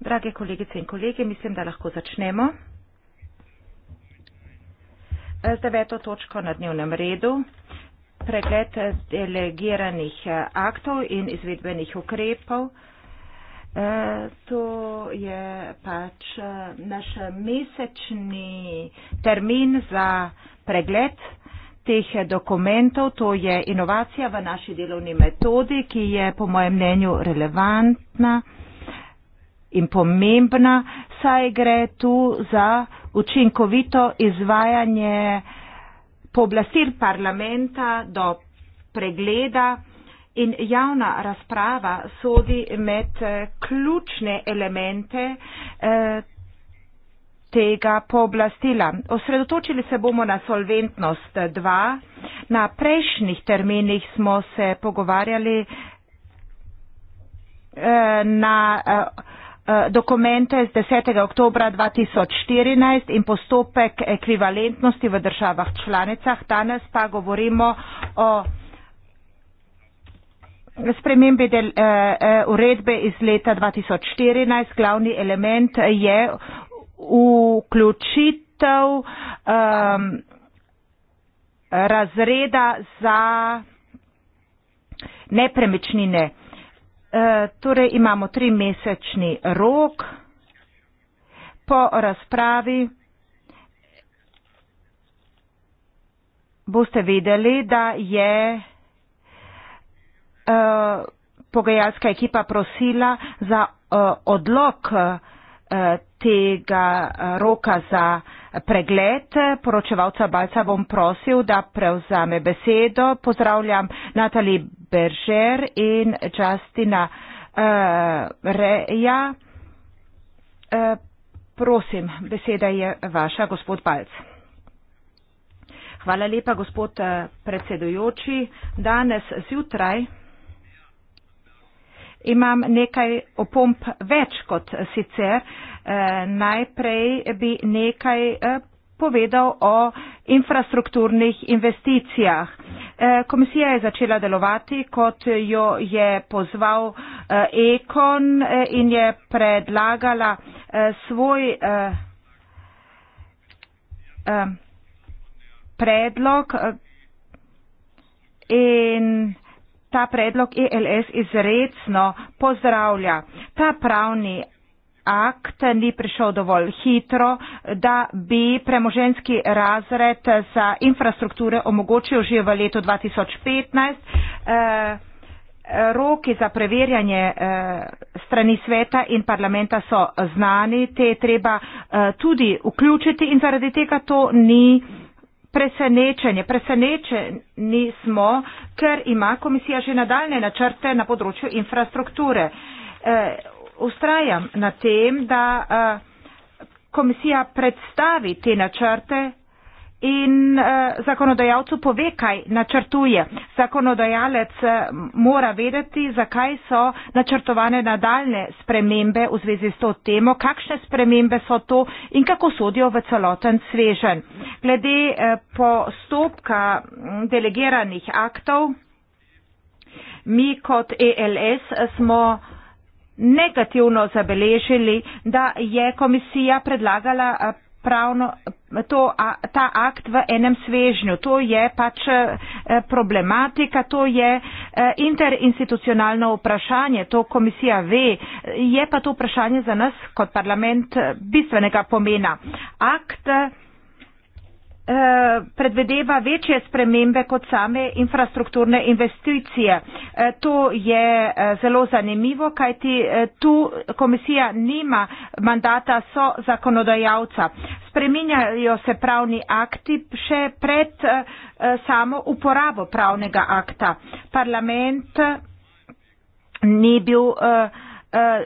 Drage kolegice in kolege, mislim, da lahko začnemo eh, z deveto točko na dnevnem redu. Pregled eh, delegiranih eh, aktov in izvedbenih ukrepov. To je pač naš mesečni termin za pregled teh dokumentov, to je inovacija v naši delovni metodi, ki je po mojem mnenju relevantna in pomembna, saj gre tu za učinkovito izvajanje pooblastir parlamenta do pregleda in javna razprava sodi med eh, ključne elemente. Eh, tega pooblastila. Osredotočili se bomo na solventnost 2. Na prejšnjih terminih smo se pogovarjali eh, na eh, eh, dokumente z 10. oktobra 2014 in postopek ekvivalentnosti v državah članicah. Danes pa govorimo o spremembi del, uh, uredbe iz leta 2014. Glavni element je vključitev um, razreda za nepremičnine. E, torej imamo tri mesečni rok po razpravi. Boste vedeli, da je uh, pogajalska ekipa prosila za uh, odlog uh, tega eh, roka za pregled. Poročevalca Balca bom prosil, da prevzame besedo. Pozdravljam Natali Beržer in Justina uh, Reja. Uh, prosim, beseda je vaša, gospod Balc. Hvala lepa, gospod predsedujoči. Danes zjutraj imam nekaj opomb več kot sicer. Eh, najprej bi nekaj eh, povedal o infrastrukturnih investicijah. Eh, komisija je začela delovati, kot jo je pozval Ekon in je predlagala svoj predlog in ta predlog ILS e izredno pozdravlja. Ta pravni akt ni prišel dovolj hitro, da bi premoženski razred za infrastrukture omogočil že v letu 2015. Eh, roki za preverjanje eh, strani sveta in parlamenta so znani, te je treba eh, tudi vključiti in zaradi tega to ni presenečenje. Presenečeni smo, ker ima komisija že nadaljne načrte na področju infrastrukture. E, ustrajam na tem, da e, komisija predstavi te načrte in uh, zakonodajalcu pove, kaj načrtuje. Zakonodajalec uh, mora vedeti, zakaj so načrtovane nadaljne spremembe v zvezi s to temo, kakšne spremembe so to in kako sodijo v celoten svežen. Glede uh, postopka delegiranih aktov, mi kot ELS smo negativno zabeležili, da je komisija predlagala. Uh, pravno, to, a, ta akt v enem svežnju. To je pač eh, problematika, to je eh, interinstitucionalno vprašanje, to komisija ve. Je pa to vprašanje za nas kot parlament eh, bistvenega pomena. Akt Eh, predvedeva večje spremembe kot same infrastrukturne investicije. Eh, to je eh, zelo zanimivo, kajti tu komisija nima mandata so zakonodajalca. Spreminjajo se pravni akti še pred samo uporabo pravnega akta. Parlament ni bil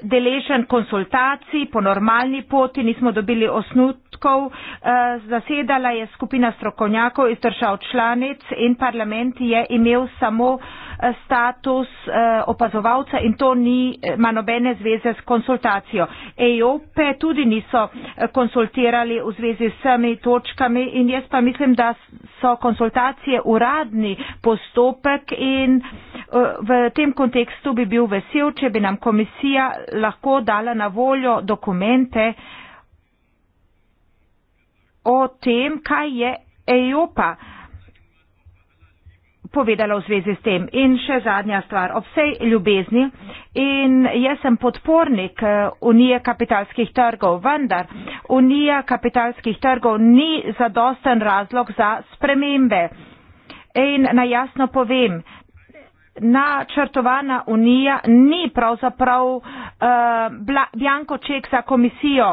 deležen konsultacij po normalni poti, nismo dobili osnut postopkov. Eh, zasedala je skupina strokovnjakov iz držav članic in parlament je imel samo eh, status eh, opazovalca in to ni manobene zveze s konsultacijo. EOP tudi niso konsultirali v zvezi s vsemi točkami in jaz pa mislim, da so konsultacije uradni postopek in v tem kontekstu bi bil vesel, če bi nam komisija lahko dala na voljo dokumente, o tem, kaj je EIOPA povedala v zvezi s tem. In še zadnja stvar, ob vsej ljubezni in jaz sem podpornik eh, Unije kapitalskih trgov, vendar Unija kapitalskih trgov ni zadosten razlog za spremembe. In naj jasno povem, načrtovana Unija ni pravzaprav uh, eh, bjankoček za komisijo.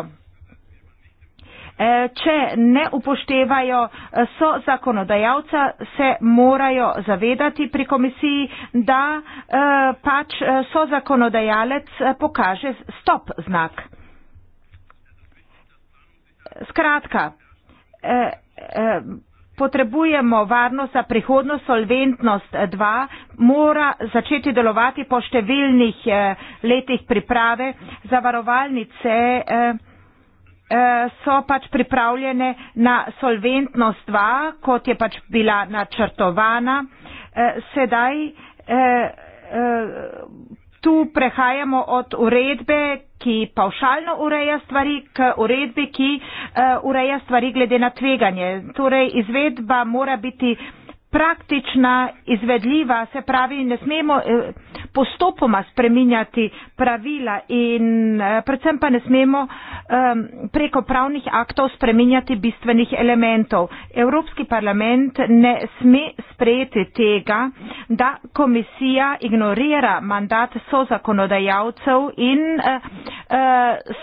E, če ne upoštevajo e, so zakonodajalca, se morajo zavedati pri komisiji, da e, pač so zakonodajalec pokaže stop znak. Skratka, potrebujemo varnost za prihodnost, solventnost 2 mora začeti delovati po številnih letih priprave zavarovalnice. Eh, so pač pripravljene na solventnost 2, kot je pač bila načrtovana. Eh, sedaj eh, tu prehajamo od uredbe, ki pavšalno ureja stvari, k uredbi, ki ureja stvari glede na tveganje. Torej, izvedba mora biti praktična, izvedljiva, se pravi, ne smemo eh, postopoma spreminjati pravila in eh, predvsem pa ne smemo ehm, preko pravnih aktov spreminjati bistvenih elementov. Evropski parlament ne sme sprejeti tega, da komisija ignorira mandat so zakonodajalcev in eh,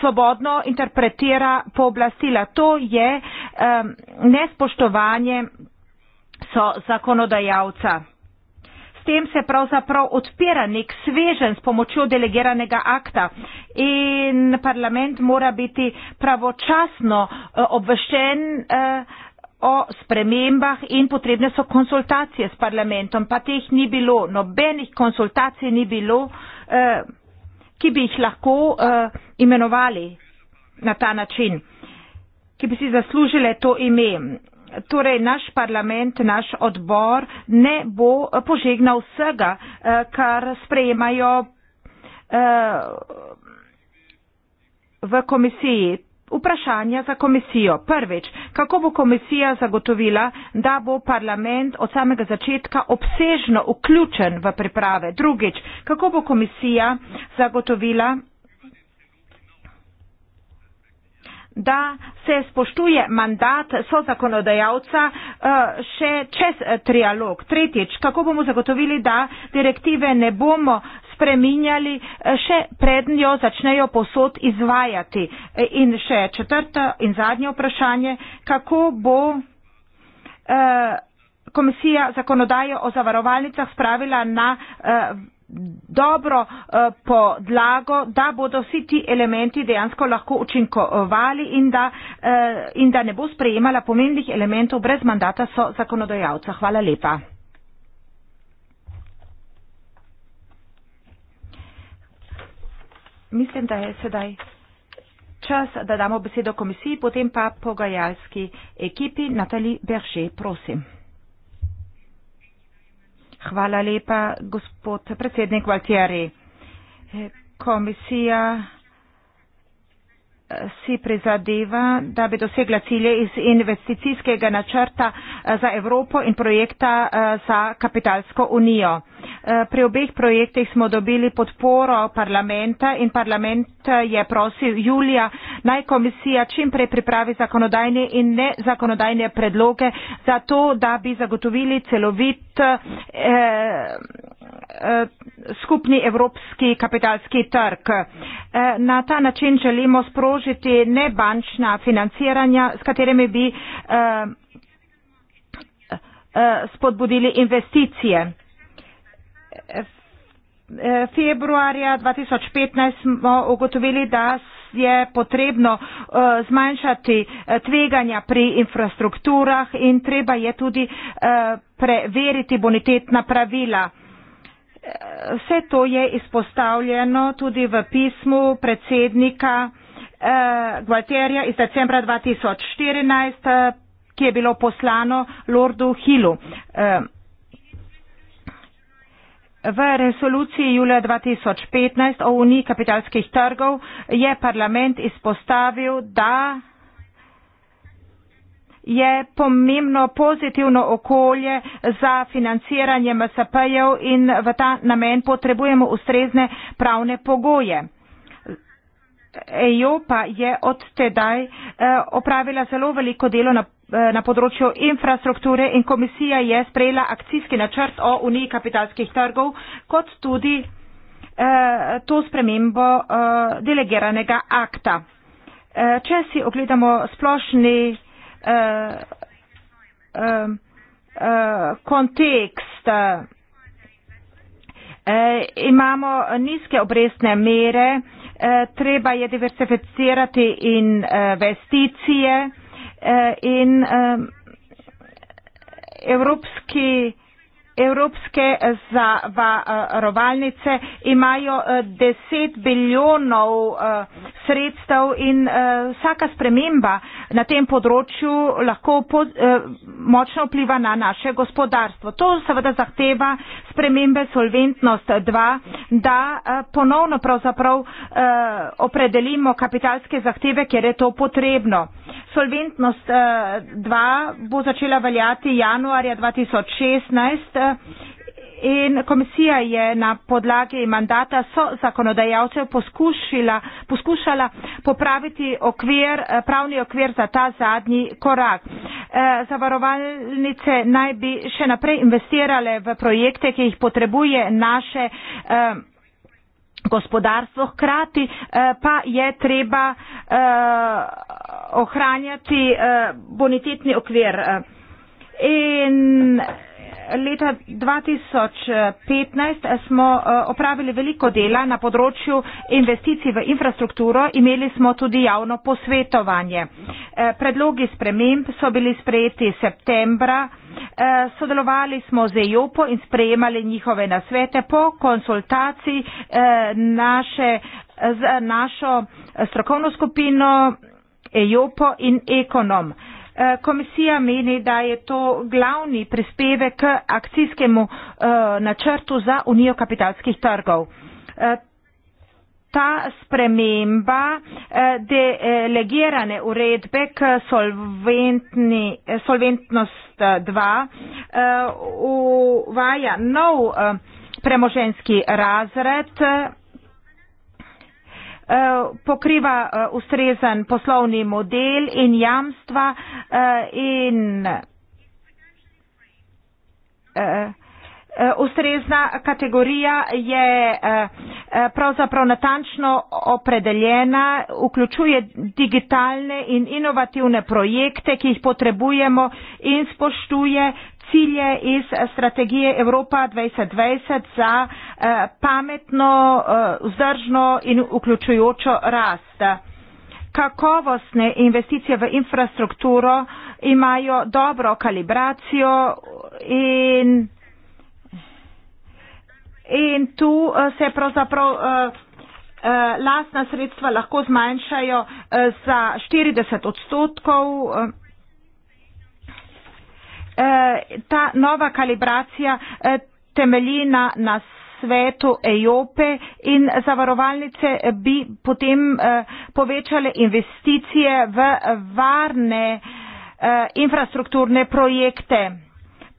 svobodno interpretira pooblastila. To je ehm, nespoštovanje so zakonodajalca. S tem se pravzaprav odpira nek svežen s pomočjo delegiranega akta in parlament mora biti pravočasno eh, obveščen eh, o spremembah in potrebne so konsultacije s parlamentom, pa teh ni bilo, nobenih konsultacij ni bilo, eh, ki bi jih lahko imenovali na ta način, ki bi si zaslužile to ime torej naš parlament, naš odbor ne bo eh, požegnal vsega, eh, kar sprejemajo eh, v komisiji. Vprašanja za komisijo. Prvič, kako bo komisija zagotovila, da bo parlament od samega začetka obsežno vključen v priprave? Drugič, kako bo komisija zagotovila, da se spoštuje mandat sozakonodajalca eh, še čez eh, trialog. Tretjič, kako bomo zagotovili, da direktive ne bomo spreminjali eh, še prednjo začnejo posod izvajati. In še četrto in zadnje vprašanje, kako bo komisija zakonodajo o zavarovalnicah spravila na dobro eh, podlago, da bodo vsi ti elementi dejansko lahko učinkovali in da, eh, in da ne bo sprejemala pomembnih elementov brez mandata so zakonodajalca. Hvala lepa. Mislim, da je sedaj čas, da damo besedo komisiji, potem pa pogajalski ekipi. Natali Berže, prosim. Hvala lepa, gospod predsednik Valtieri. Komisija eh, si prizadeva, da bi dosegla cilje iz investicijskega načrta eh, za Evropo in projekta eh, za kapitalsko unijo. Eh, pri obeh projektih smo dobili podporo parlamenta in parlament eh, je prosil Julija naj komisija čimprej pripravi zakonodajne in nezakonodajne predloge za to, da bi zagotovili celovit eh, eh skupni evropski kapitalski trg. Na ta način želimo sprožiti nebančna financiranja, s katerimi bi spodbudili investicije februarja 2015 smo ugotovili, da je potrebno eh, zmanjšati eh, tveganja pri infrastrukturah in treba je tudi eh, preveriti bonitetna pravila. Vse to je izpostavljeno tudi v pismu predsednika Gualterja iz decembra 2014, ki je bilo poslano Lordu Hillu. V resoluciji julija 2015 o uniji kapitalskih trgov je parlament izpostavil, da je pomembno pozitivno okolje za financiranje MSP-jev in v ta namen potrebujemo ustrezne pravne pogoje. EU pa je od tedaj eh, opravila zelo veliko delo na področju Eh, na področju infrastrukture in komisija je sprejela akcijski načrt o uniji kapitalskih trgov, kot tudi eh, to spremembo eh, delegiranega akta. Eh, če si ogledamo splošni eh, eh, eh kontekst, eh, eh, imamo nizke obrestne mere, eh, treba je diversificirati investicije, in, eh, Eh, in evropski, evropske zavarovalnice imajo 10 eh, biljonov eh, sredstev in vsaka sprememba na tem področju lahko poz, močno vpliva na naše gospodarstvo. To seveda zahteva spremembe Solventnost 2, da ponovno pravzaprav opredelimo kapitalske zahteve, kjer je to potrebno. Solventnost 2 eh, bo začela veljati januarja 2016. Eh, in komisija je na podlagi mandata so zakonodajalcev poskušila, poskušala popraviti okvir, eh, pravni okvir za ta zadnji korak. Zavarovalnice naj bi še naprej investirale v projekte, ki jih potrebuje naše gospodarstvo, hkrati eh, pa je treba eh, ohranjati eh, bonitetni okvir. In leta 2015 smo eh, opravili veliko dela na področju investicij v infrastrukturo, imeli smo tudi javno posvetovanje. Eh, predlogi sprememb so bili sprejeti septembra, eh, sodelovali smo z EJOPO in sprejemali njihove nasvete po konsultaciji naše, z našo strokovno skupino EJOPO in ekonom. Eh, komisija meni, da je to glavni prispevek k akcijskemu eh, načrtu za unijo kapitalskih trgov. Eh, ta sprememba delegirane uredbe k solventnost 2 uvaja nov premoženski razred Eh, pokriva eh, ustrezen poslovni model in jamstva eh, in ustrezna kategorija je pravzaprav natančno opredeljena, vključuje digitalne in inovativne projekte, ki jih potrebujemo in spoštuje cilje iz strategije Evropa 2020 za eh, pametno, eh, vzdržno in vključujočo rast. Kakovostne investicije v infrastrukturo imajo dobro kalibracijo in, in tu eh, se pravzaprav lastna sredstva lahko zmanjšajo za 40 odstotkov. Eh, ta nova kalibracija eh, temelji na, na svetu Ejope in zavarovalnice bi potem eh, povečale investicije v varne infrastrukturne projekte.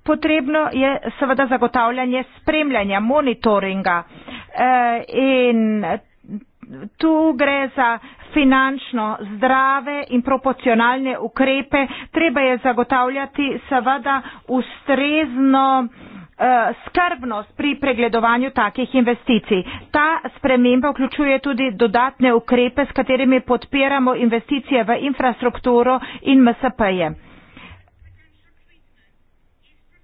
Potrebno je seveda zagotavljanje spremljanja, monitoringa in tu gre za finančno zdrave in proporcionalne ukrepe, treba je zagotavljati seveda ustrezno eh, skrbnost pri pregledovanju takih investicij. Ta sprememba vključuje tudi dodatne ukrepe, s katerimi podpiramo investicije v infrastrukturo in MSP-je.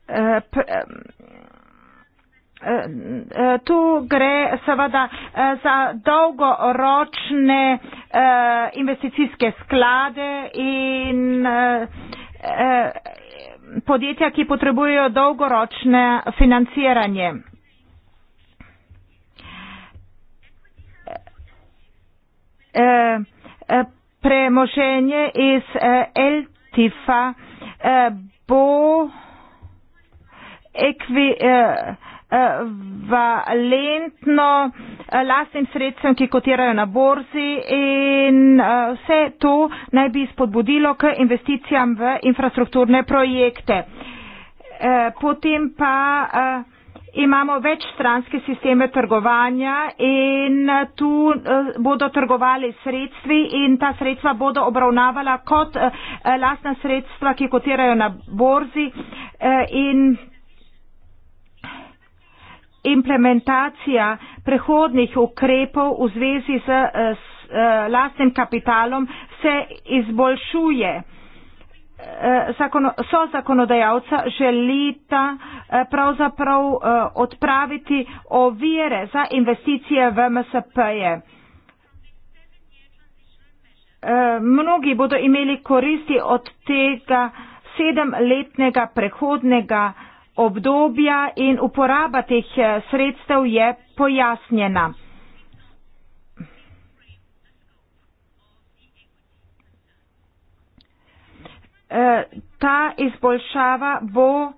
Uh, eh, Eh, eh, tu gre seveda eh, za dolgoročne investicijske sklade in podjetja, ki potrebujejo dolgoročne financiranje. Premoženje iz LTIF-a bo ekvi, Eh, valentno eh, lastnim sredstvom, ki kotirajo na borzi in eh, vse to naj bi spodbudilo k investicijam v infrastrukturne projekte. Potem pa imamo več stranske sisteme trgovanja in tu bodo trgovali sredstvi in ta sredstva bodo obravnavala kot lastna sredstva, ki kotirajo na borzi in implementacija prehodnih ukrepov v zvezi z, z, eh, z eh, lastnim kapitalom se izboljšuje. Eh, Zakon, so zakonodajalca želita pravzaprav odpraviti ovire za investicije v MSP-je. Mnogi bodo imeli koristi od tega sedemletnega prehodnega obdobja in uporaba teh eh, sredstev je pojasnjena. Eh, ta izboljšava bo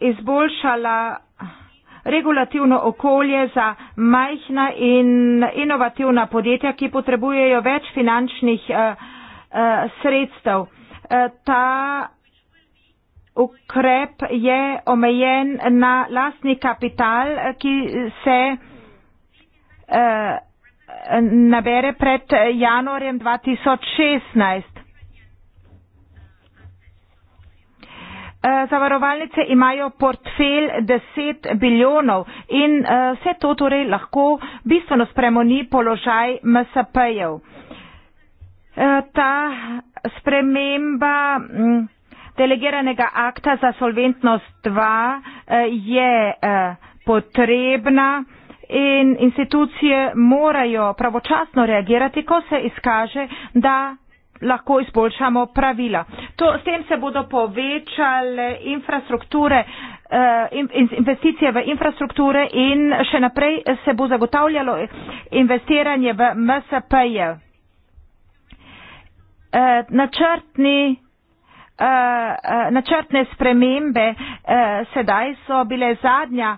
izboljšala regulativno okolje za majhna in inovativna podjetja, ki potrebujejo več finančnih uh, uh, sredstev. Uh, ta ukrep je omejen na lastni kapital, ki se eh, nabere pred januarjem 2016. Eh, zavarovalnice imajo portfelj 10 biljonov in eh, vse to torej lahko bistveno spremeni položaj MSP-jev. Eh, ta sprememba mm, delegiranega akta za solventnost 2 eh, je eh, potrebna in institucije morajo pravočasno reagirati, ko se izkaže, da lahko izboljšamo pravila. To, s tem se bodo povečale infrastrukture, eh, investicije v infrastrukture in še naprej se bo zagotavljalo investiranje v MSP-je. Načrtni Eh, eh, načrtne spremembe, eh, sedaj so bile zadnja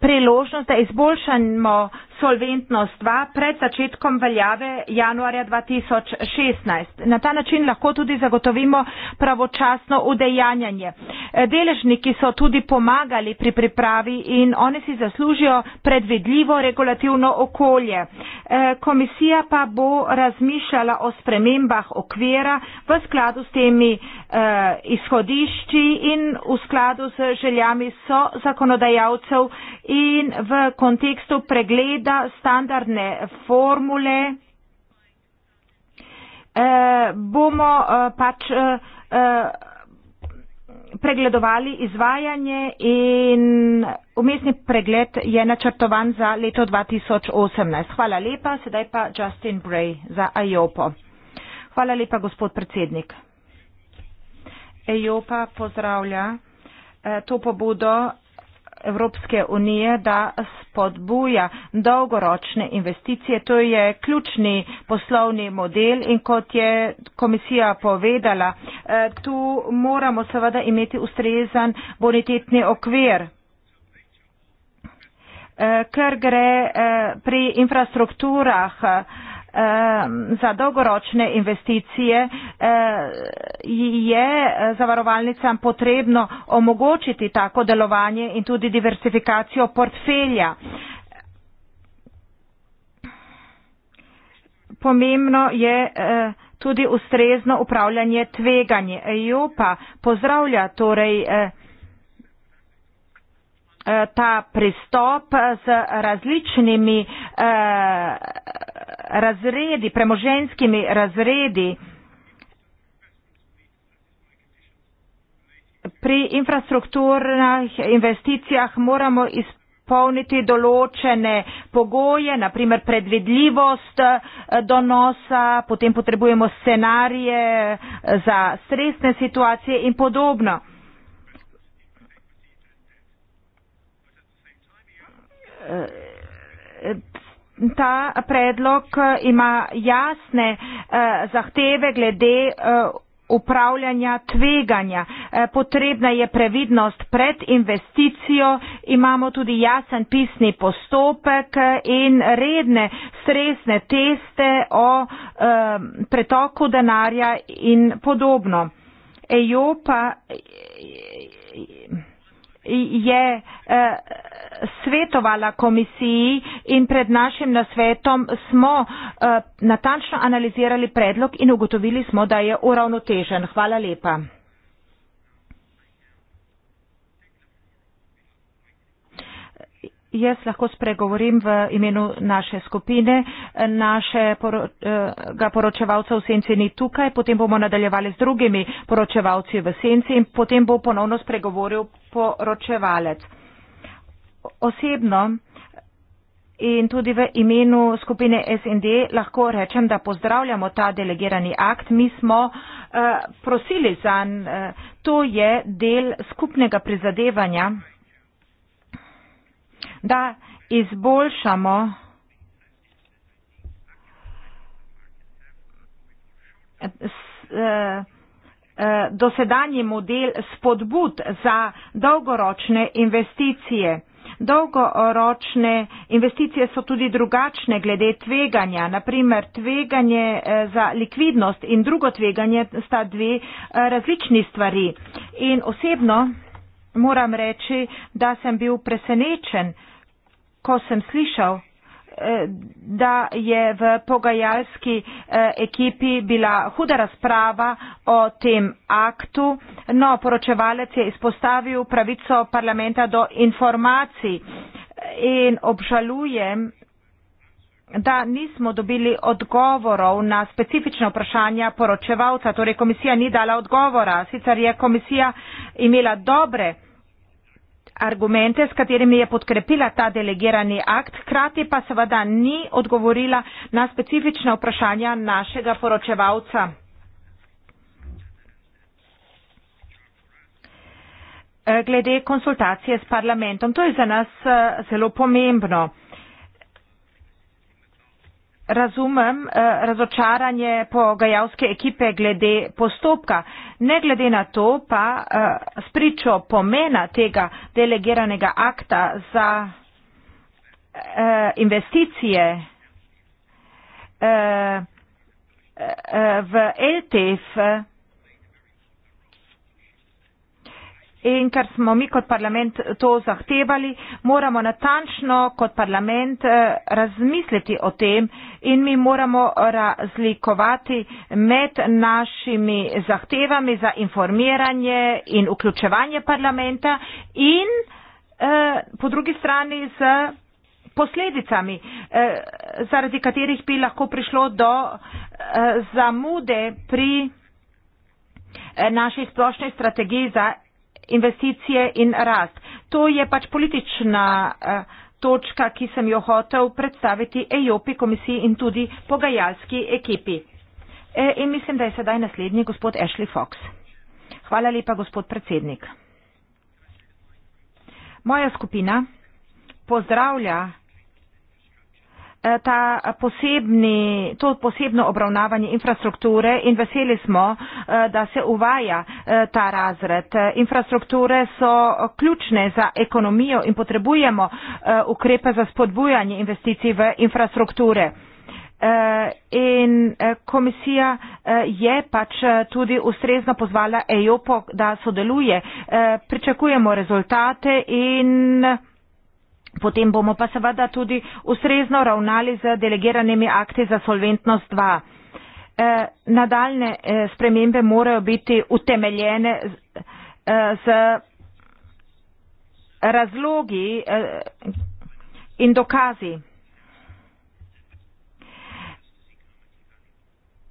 priložnost, da izboljšamo solventnost 2 pred začetkom veljave januarja 2016. Na ta način lahko tudi zagotovimo pravočasno udejanjanje. Deležniki so tudi pomagali pri pripravi in oni si zaslužijo predvidljivo regulativno okolje. E, komisija pa bo razmišljala o spremembah okvira v skladu s temi e, izhodišči in v skladu s željami so zakonodajalcev in v kontekstu pregleda seveda standardne formule. E, bomo e, pač e, pregledovali izvajanje in umestni pregled je načrtovan za leto 2018. Hvala lepa, sedaj pa Justin Bray za IOPO. Hvala lepa, gospod predsednik. IOPO pozdravlja e, to pobudo Evropske unije, da spodbuja dolgoročne investicije. To je ključni poslovni model in kot je komisija povedala, eh, tu moramo seveda imeti ustrezan bonitetni okvir. Eh, ker gre eh, pri infrastrukturah za dolgoročne investicije eh, je eh, zavarovalnicam potrebno omogočiti tako delovanje in tudi diversifikacijo portfelja. Pomembno je eh, tudi ustrezno upravljanje tveganje. EU pa pozdravlja torej eh, Eh, ta pristop eh, z različnimi eh, razredi, premoženskimi razredi pri infrastrukturnih investicijah moramo izpolniti določene pogoje, naprimer predvidljivost eh, donosa, potem potrebujemo scenarije za stresne situacije in podobno. ta predlog eh, ima jasne eh, zahteve glede eh, upravljanja tveganja. Potrebna je previdnost pred investicijo, imamo tudi jasen pisni postopek in redne stresne teste o pretoku denarja in podobno. EU pa je eh, svetovala komisiji in pred našim nasvetom smo eh, natančno analizirali predlog in ugotovili smo, da je uravnotežen. Hvala lepa. Jaz lahko spregovorim v imenu naše skupine. Našega poročevalca v senci ni tukaj, potem bomo nadaljevali z drugimi poročevalci v senci in potem bo ponovno spregovoril poročevalec. Osebno in tudi v imenu skupine SND lahko rečem, da pozdravljamo ta delegirani akt. Mi smo uh, prosili za uh, eh, to je del skupnega prizadevanja da izboljšamo eh, eh, dosedanji model spodbud za dolgoročne investicije. Dolgoročne investicije so tudi drugačne glede tveganja, naprimer tveganje eh, za likvidnost in drugo tveganje sta dve različni stvari. In osebno moram reči, da sem bil presenečen, ko sem slišal, eh, da je v pogajalski eh, ekipi bila huda razprava o tem aktu, no poročevalec je izpostavil pravico parlamenta do informacij in obžalujem, da nismo dobili odgovorov na specifična vprašanja poročevalca, torej komisija ni dala odgovora, sicer je komisija imela dobre argumente, s katerimi je podkrepila ta delegirani akt, hkrati pa seveda ni odgovorila na specifične vprašanja našega poročevalca. Eh, glede konsultacije s parlamentom. To je za nas eh, zelo pomembno. Razumem eh, razočaranje pogajalske ekipe glede postopka. Ne glede na to pa eh, spričo pomena tega delegiranega akta za eh, investicije eh, eh, v LTF. E eh, in ker smo mi kot parlament to zahtevali, moramo natančno kot parlament eh, razmisliti o tem in mi moramo razlikovati med našimi zahtevami za informiranje in vključevanje parlamenta in eh, po drugi strani z posledicami, eh, zaradi katerih bi lahko prišlo do zamude pri naši splošni strategiji za investicije in rast. To je pač politična eh, točka, ki sem jo hotel predstaviti EJOP-i komisiji in tudi pogajalski ekipi. E, in mislim, da je sedaj naslednji gospod Ashley Fox. Hvala lepa, gospod predsednik. Moja skupina pozdravlja Eh, ta posebni, to posebno obravnavanje infrastrukture in veseli smo, eh, da se uvaja eh, ta razred. Infrastrukture so ključne za ekonomijo in potrebujemo ukrepe za spodbujanje investicij v infrastrukture. In komisija je pač tudi ustrezno pozvala EJOPO, da sodeluje. Pričakujemo rezultate in. Potem bomo pa seveda tudi ustrezno ravnali z delegiranimi akti za solventnost 2. E, eh, nadaljne e, spremembe morajo biti utemeljene z, e, z razlogi e, in dokazi.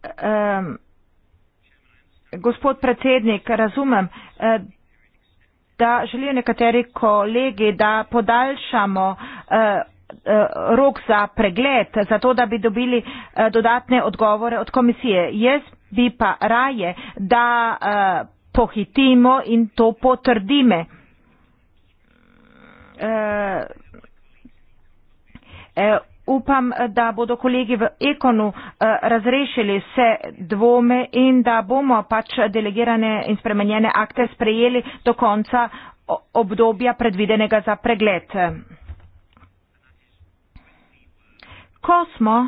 E, gospod predsednik, razumem. E, da želijo nekateri kolegi, da podaljšamo eh, eh, rok za pregled, zato da bi dobili eh, dodatne odgovore od komisije. Jaz bi pa raje, da pohitimo in to potrdime. Uh, upam, da bodo kolegi v Ekonu eh, razrešili vse dvome in da bomo pač delegirane in spremenjene akte sprejeli do konca obdobja predvidenega za pregled. Ko smo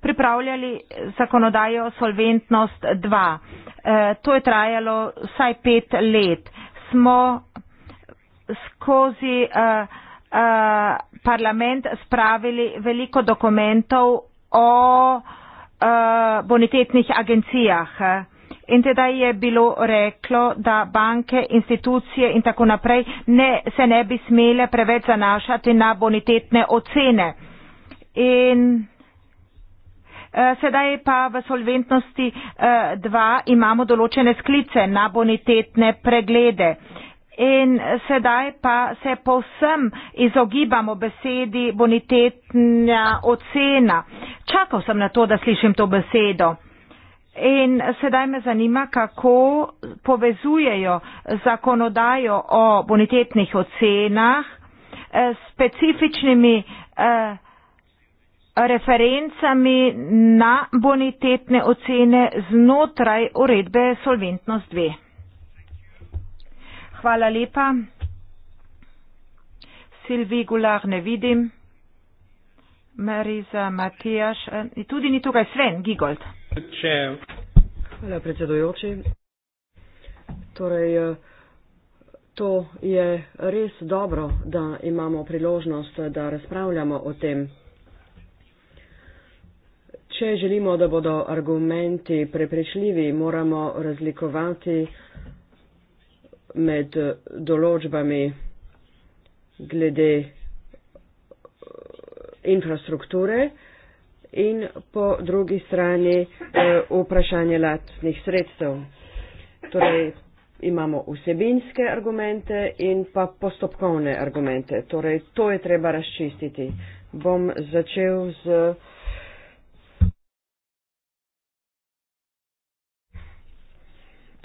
pripravljali zakonodajo Solventnost 2, eh, to je trajalo vsaj pet let, smo skozi uh, Eh, parlament spravili veliko dokumentov o uh, bonitetnih agencijah. In teda je bilo reklo, da banke, institucije in tako naprej ne, se ne bi smele preveč zanašati na bonitetne ocene. In eh, Sedaj pa v solventnosti 2 imamo določene sklice na bonitetne preglede in sedaj pa se povsem izogibamo besedi bonitetna ocena. Čakal sem na to, da slišim to besedo. In sedaj me zanima, kako povezujejo zakonodajo o bonitetnih ocenah s eh, specifičnimi eh, referencami na bonitetne ocene znotraj uredbe Solventnost 2 hvala lepa. Silvi Gular ne vidim. Mariza Matijaš. Eh, tudi ni tukaj Sven Gigold. Če. Hvala predsedujoči. Torej, eh, to je res dobro, da imamo priložnost, da razpravljamo o tem. Če želimo, da bodo argumenti prepričljivi, moramo razlikovati uh, med določbami glede eh, infrastrukture in po drugi strani eh, vprašanje latnih sredstev. Torej, imamo vsebinske argumente in pa postopkovne argumente. Torej, to je treba razčistiti. Bom začel z.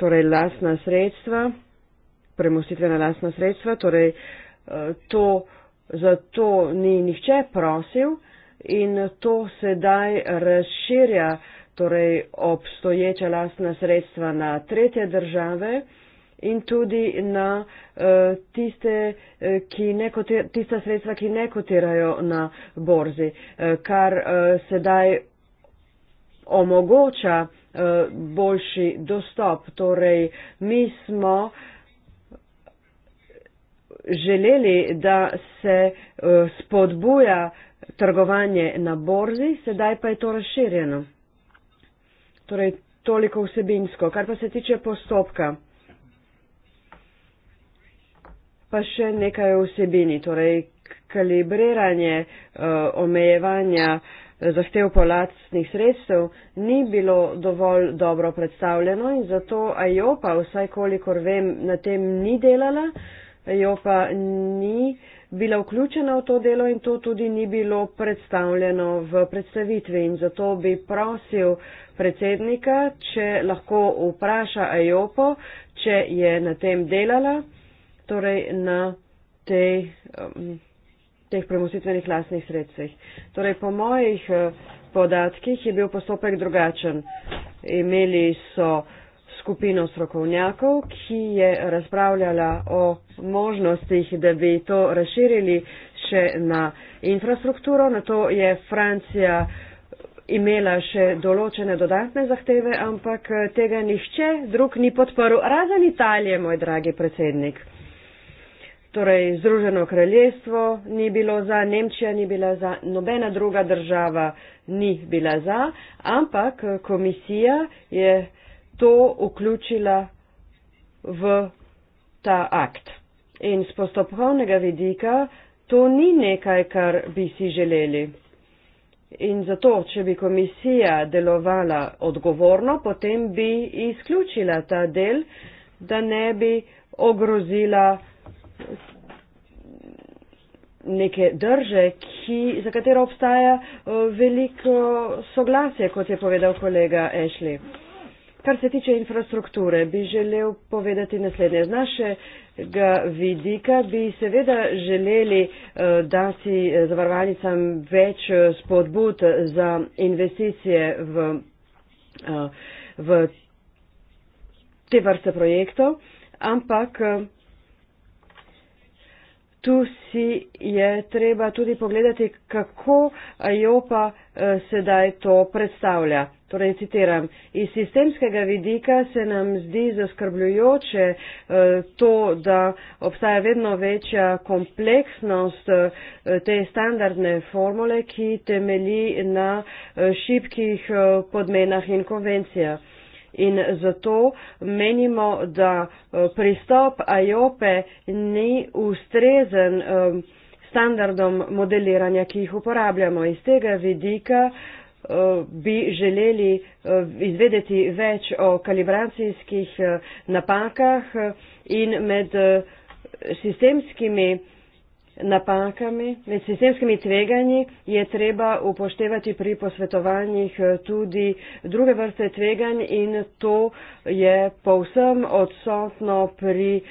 Torej, lastna sredstva premustitve na lastna sredstva, torej eh, to, za to ni nihče prosil in to sedaj razširja torej obstoječa lastna sredstva na tretje države in tudi na eh, tiste, eh, ki ne kotirajo, tista sredstva, ki ne kotirajo na borzi, kar sedaj omogoča boljši dostop. Torej, mi smo uh, želeli, da se eh, spodbuja trgovanje na borzi, sedaj pa je to razširjeno. Torej, toliko vsebinsko. Kar pa se tiče postopka, pa še nekaj vsebini, torej kalibriranje eh, omejevanja eh, zahtev po lastnih sredstev ni bilo dovolj dobro predstavljeno in zato Ajopa, vsaj kolikor vem, na tem ni delala. Uh, jo pa ni bila vključena v to delo in to tudi ni bilo predstavljeno v predstavitvi. In zato bi prosil predsednika, če lahko vpraša Ajopo, če je na tem delala, torej na tej, um, teh premositvenih lastnih sredstvih. Torej, po mojih eh, podatkih je bil postopek drugačen. Imeli so skupino strokovnjakov, ki je razpravljala o možnostih, da bi to razširili še na infrastrukturo. Na to je Francija imela še določene dodatne zahteve, ampak eh, tega nihče drug ni podporil, razen Italije, moj dragi predsednik. Torej, Združeno kraljestvo ni bilo za, Nemčija ni bila za, nobena druga država ni bila za, ampak eh, komisija je to vključila v ta akt. In z postopkovnega vidika to ni nekaj, kar bi si želeli. In zato, če bi komisija delovala odgovorno, potem bi izključila ta del, da ne bi ogrozila neke drže, ki, za katero obstaja eh, veliko soglasje, kot je povedal kolega Ešli. Kar se tiče infrastrukture, bi želel povedati naslednje. Z našega vidika bi seveda želeli eh, dati eh, zavarovalnicam več eh, spodbud za investicije v, v te vrste projektov, ampak tu si je treba tudi pogledati, kako Jopa sedaj to predstavlja. Torej, citiram, iz sistemskega vidika se nam zdi zaskrbljujoče eh, to, da obstaja vedno večja kompleksnost eh, te standardne formule, ki temeli na eh, šibkih podmenah in konvencijah. In zato menimo, da pristop AJOPE ni ustrezen standardom modeliranja, ki jih uporabljamo. Iz tega vidika uh, bi želeli eh, izvedeti več o kalibracijskih eh, napakah eh, in med sistemskimi napakami, med sistemskimi tveganji je treba upoštevati pri posvetovanjih tudi druge vrste tveganj in to je povsem odsotno pri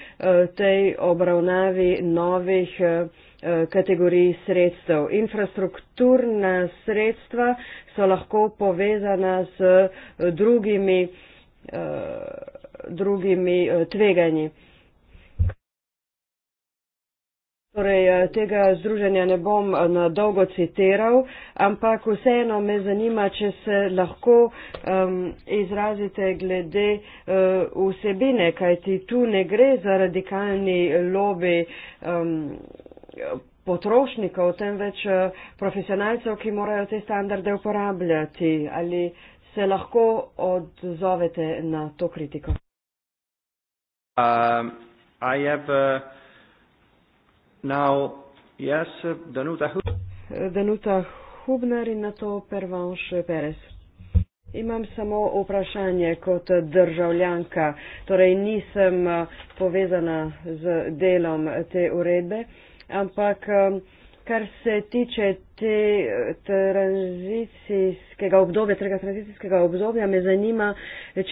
tej obravnavi novih napakov. Eh, kategorij sredstev. Infrastrukturna sredstva so lahko povezana s eh, drugimi, eh, drugimi tveganji. Torej, tega združenja ne bom na dolgo citiral, ampak vseeno me zanima, če se lahko um, izrazite glede uh, vsebine, kajti tu ne gre za radikalni lobby. Um, potrošnikov, temveč eh, profesionalcev, ki morajo te standarde uporabljati. Ali se lahko odzovete na to kritiko? Um, uh, uh, Imam samo vprašanje kot državljanka, torej nisem eh, povezana z delom te uredbe ampak kar se tiče te tranzicijskega obdobja, tega tranzicijskega obdobja, me zanima,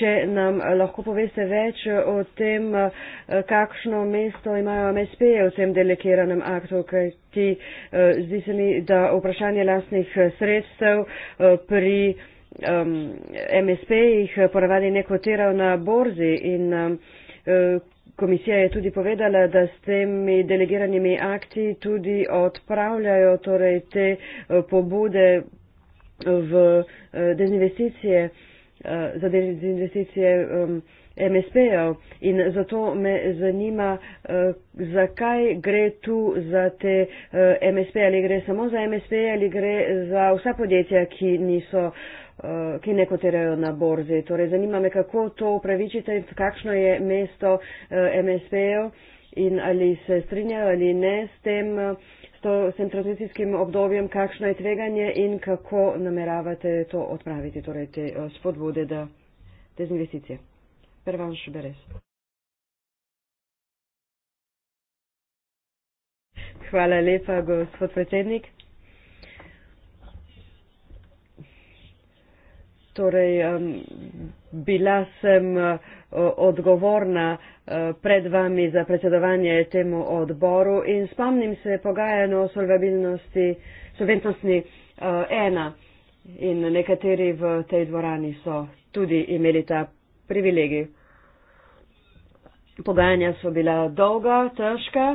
če nam lahko poveste več o tem, eh, kakšno mesto imajo MSP v tem delegiranem aktu, kajti eh, zdi se mi, da vprašanje lastnih eh, sredstev pri. MSP jih ponavadi nekotirajo na borzi in Komisija je tudi povedala, da s temi delegiranimi akti tudi odpravljajo torej, te eh, pobude eh, v eh, dezinvesticije, za dezinvesticije MSP-jev um, in zato me zanima, zakaj gre tu za te MSP, ali gre samo za MSP ali gre za vsa podjetja, ki niso. Eh, ki ne kotirajo na borzi. Torej, zanima me, kako to upravičite in kakšno je mesto eh, MSP-jev in ali se strinjajo ali ne s tem, s, to, s tem tranzicijskim obdobjem, kakšno je tveganje in kako nameravate to odpraviti, torej te eh, spodbude, da te investicije. Prvan Šberes. Hvala lepa, gospod predsednik. torej um, bila sem uh, odgovorna uh, pred vami za predsedovanje temu odboru in spomnim se pogajanja o solvabilnosti, solventnostni uh, e, ena in nekateri v tej dvorani so tudi imeli ta privilegij. Pogajanja so bila dolga, težka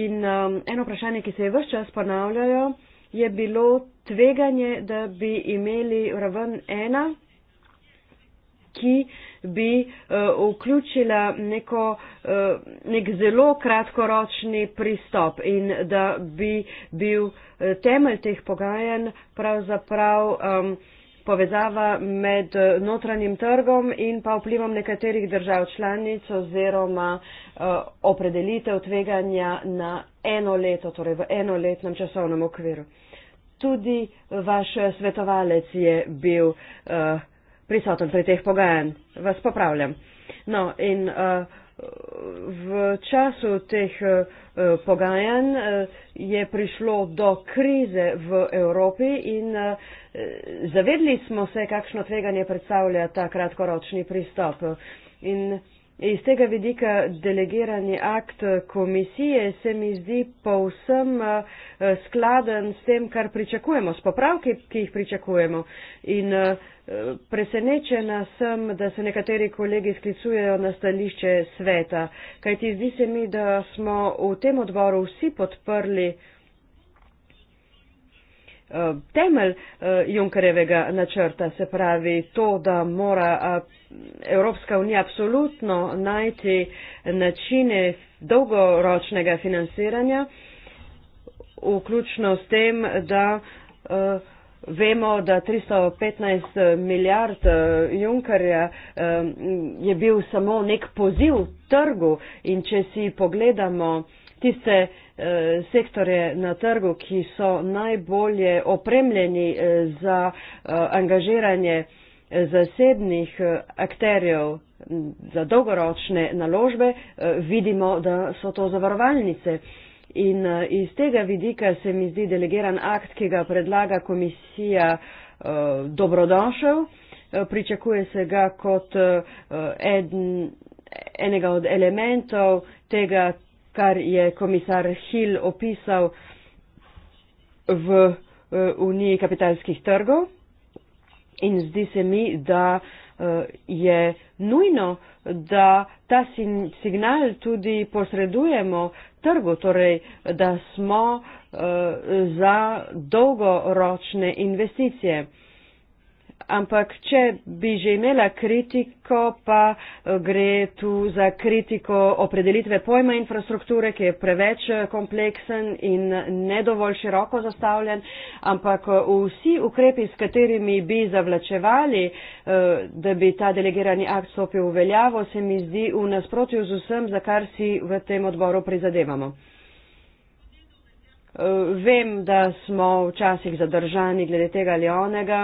in um, eno vprašanje, ki se je vse čas ponavljajo, je bilo tveganje, da bi imeli raven ena, ki bi uh, vključila neko, uh, nek zelo kratkoročni pristop in da bi bil uh, temelj teh pogajanj pravzaprav um, povezava med notranjim trgom in pa vplivom nekaterih držav članic oziroma eh, opredelitev tveganja na eno leto, torej v enoletnem časovnem okviru. Tudi vaš svetovalec je bil eh, prisoten pri teh pogajanj. Vas popravljam. No, in, uh, v času teh eh, pogajanj eh, je prišlo do krize v Evropi in eh, zavedli smo se, kakšno tveganje predstavlja ta kratkoročni pristop. In Iz tega vidika delegirani akt komisije se mi zdi povsem eh, skladen s tem, kar pričakujemo, s popravki, ki jih pričakujemo. In eh, presenečena sem, da se nekateri kolegi sklicujejo na stališče sveta, kajti zdi se mi, da smo v tem odboru vsi podprli Eh, temelj eh, Junkerevega načrta, se pravi to, da mora eh, Evropska unija absolutno najti načine dolgoročnega financiranja, vključno s tem, da vemo, da 315 milijard Junkerja je bil samo nek poziv trgu in če si pogledamo tiste e, eh, sektore na trgu, ki so najbolje opremljeni e, za e, angažiranje zasebnih akterjev za dolgoročne naložbe, e, vidimo, da so to zavarovalnice. In e, iz tega vidika se mi zdi delegiran akt, ki ga predlaga komisija, e, dobrodošel. E, pričakuje se ga kot e, en, enega od elementov tega, kar je komisar Hill opisal v eh, Uniji kapitalskih trgov. In zdi se mi, da eh, je nujno, da ta signal tudi posredujemo trgu, torej da smo eh, za dolgoročne investicije ampak če bi že imela kritiko, pa eh, gre tu za kritiko opredelitve pojma infrastrukture, ki je preveč eh, kompleksen in nedovolj široko zastavljen, ampak eh, vsi ukrepi, s katerimi bi zavlačevali, da bi ta delegirani akt stopil v veljavo, se mi zdi v nasprotju z vsem, za kar si v tem odboru prizadevamo. Vem, da smo včasih zadržani glede tega ali onega,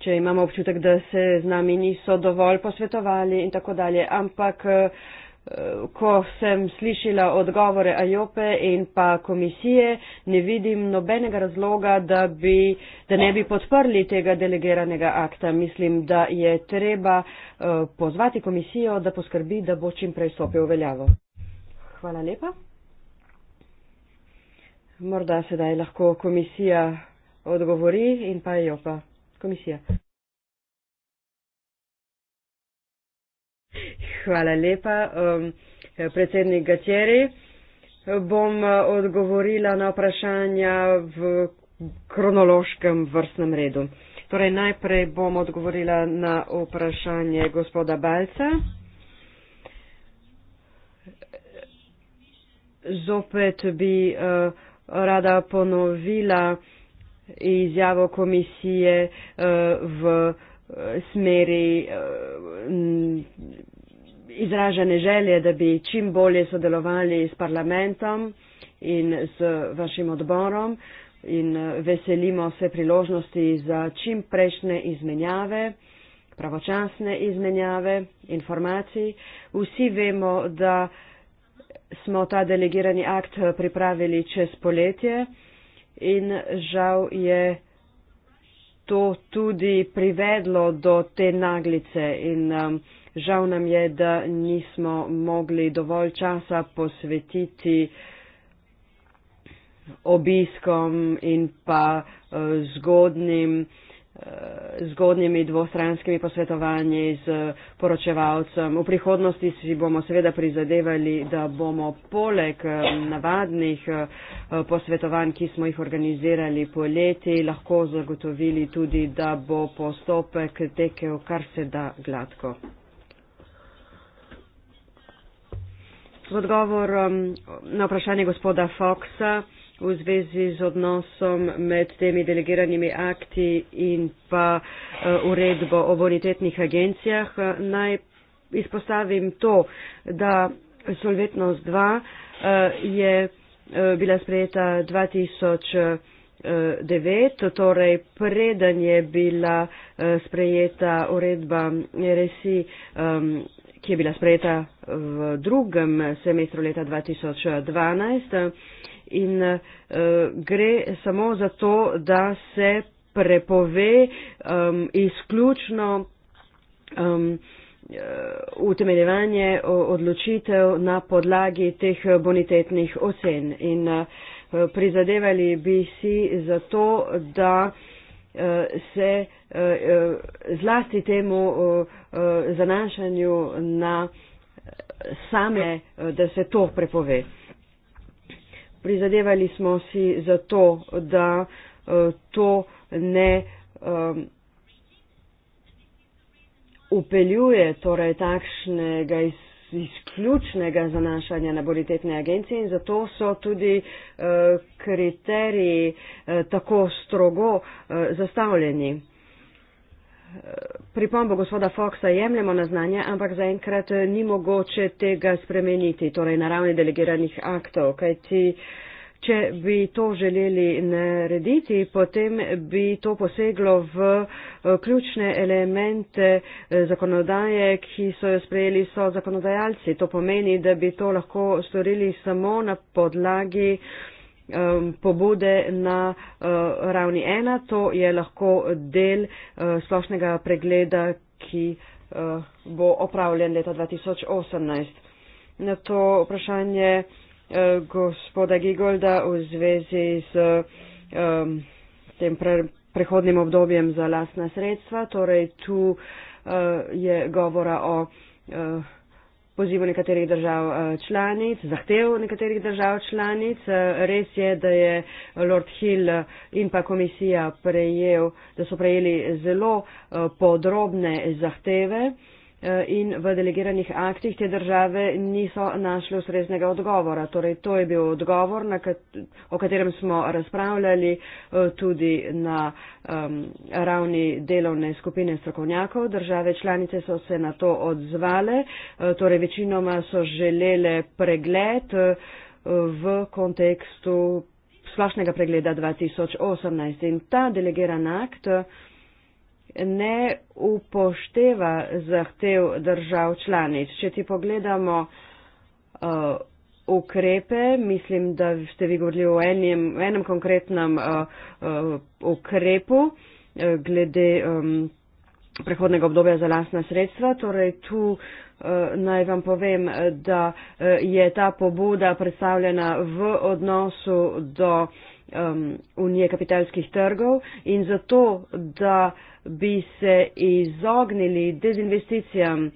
če imamo občutek, da se z nami niso dovolj posvetovali in tako dalje. Ampak, eh, ko sem slišala odgovore Ajope in pa komisije, ne vidim nobenega razloga, da, bi, da ne bi podprli tega delegiranega akta. Mislim, da je treba eh, pozvati komisijo, da poskrbi, da bo čim prej stopil veljavo. Hvala lepa. Morda sedaj lahko komisija odgovori in pa Ajopa mi si je. Hvala lepa, um, predsednik Gačeri. Bom uh, odgovorila na vprašanja v kronološkem vrstnem redu. Torej, najprej bom odgovorila na vprašanje gospoda Balca. Zopet bi uh, rada ponovila, izjavo komisije eh, v eh, smeri eh, izražene želje, da bi čim bolje sodelovali s parlamentom in s vašim odborom in veselimo se priložnosti za čim prejšnje izmenjave, pravočasne izmenjave informacij. Vsi vemo, da smo ta delegirani akt pripravili čez poletje in žal je to tudi privedlo do te naglice in um, žal nam je, da nismo mogli dovolj časa posvetiti obiskom in pa uh, zgodnim uh, zgodnjimi dvostranskimi posvetovanji z poročevalcem. V prihodnosti si bomo seveda prizadevali, da bomo poleg eh, navadnih eh, posvetovanj, ki smo jih organizirali po leti, lahko zagotovili tudi, da bo postopek tekel kar se da gladko. V odgovor mm, na vprašanje gospoda Foxa v zvezi z odnosom med temi delegiranimi akti in pa eh, uredbo o bonitetnih agencijah. Naj izpostavim to, da Solvetnost 2 eh, je eh, bila sprejeta 2009, torej preden je bila sprejeta uredba RSI, ki je bila sprejeta v drugem semestru leta 2012 in uh, gre samo za to, da se prepove um, izključno um, utemeljevanje odločitev na podlagi teh bonitetnih ocen. In uh, prizadevali bi si za to, da se zlasti temu zanašanju na same, da se to prepove prizadevali smo si za to, da uh, to ne um, eh, upeljuje torej, takšnega iz, izključnega zanašanja na bonitetne agencije in zato so tudi uh, kriteriji uh, tako strogo uh, zastavljeni pripombo gospoda Foxa jemljemo na znanje, ampak zaenkrat eh, ni mogoče tega spremeniti, torej na ravni delegiranih aktov, kajti če bi to želeli narediti, potem bi to poseglo v eh, ključne elemente eh, zakonodaje, ki so jo sprejeli so zakonodajalci. To pomeni, da bi to lahko storili samo na podlagi um, pobude na uh, ravni ena. To je lahko del uh, splošnega pregleda, ki uh, bo opravljen leta 2018. Na to vprašanje uh, gospoda Gigolda v zvezi z um, tem pre prehodnim obdobjem za lastna sredstva, torej tu uh, je govora o. Uh, pozivov nekaterih držav eh, članic, zahtev nekaterih držav članic. Eh, res je, da je Lord Hill in pa komisija prejel, da so prejeli zelo eh, podrobne zahteve. Eh, in v delegiranih aktih te države niso našli ustreznega odgovora. Torej, to je bil odgovor, o katerem smo razpravljali eh, tudi na um, ravni delovne skupine strokovnjakov. Države članice so se na to odzvale, eh, torej večinoma so želele pregled v kontekstu splošnega pregleda 2018. In ta delegiran akt ne upošteva zahtev držav članic. Če ti pogledamo uh, ukrepe, mislim, da ste vi govorili o enjem, enem konkretnem uh, uh, ukrepu uh, glede um, prehodnega obdobja za lastna sredstva. Torej, tu uh, naj vam povem, da uh, je ta pobuda predstavljena v odnosu do uh, um, unije kapitalskih trgov in zato, da bi se izognili dezinvesticijam,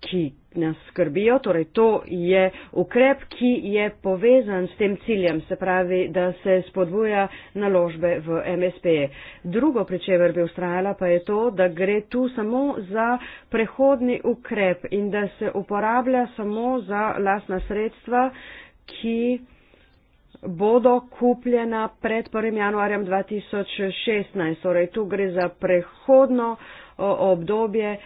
ki nas skrbijo, torej to je ukrep, ki je povezan s tem ciljem, se pravi, da se spodbuja naložbe v MSP. Drugo pričever bi ustrajala pa je to, da gre tu samo za prehodni ukrep in da se uporablja samo za lasna sredstva, ki bodo kupljena pred 1. januarjem 2016. Torej, tu gre za prehodno obdobje,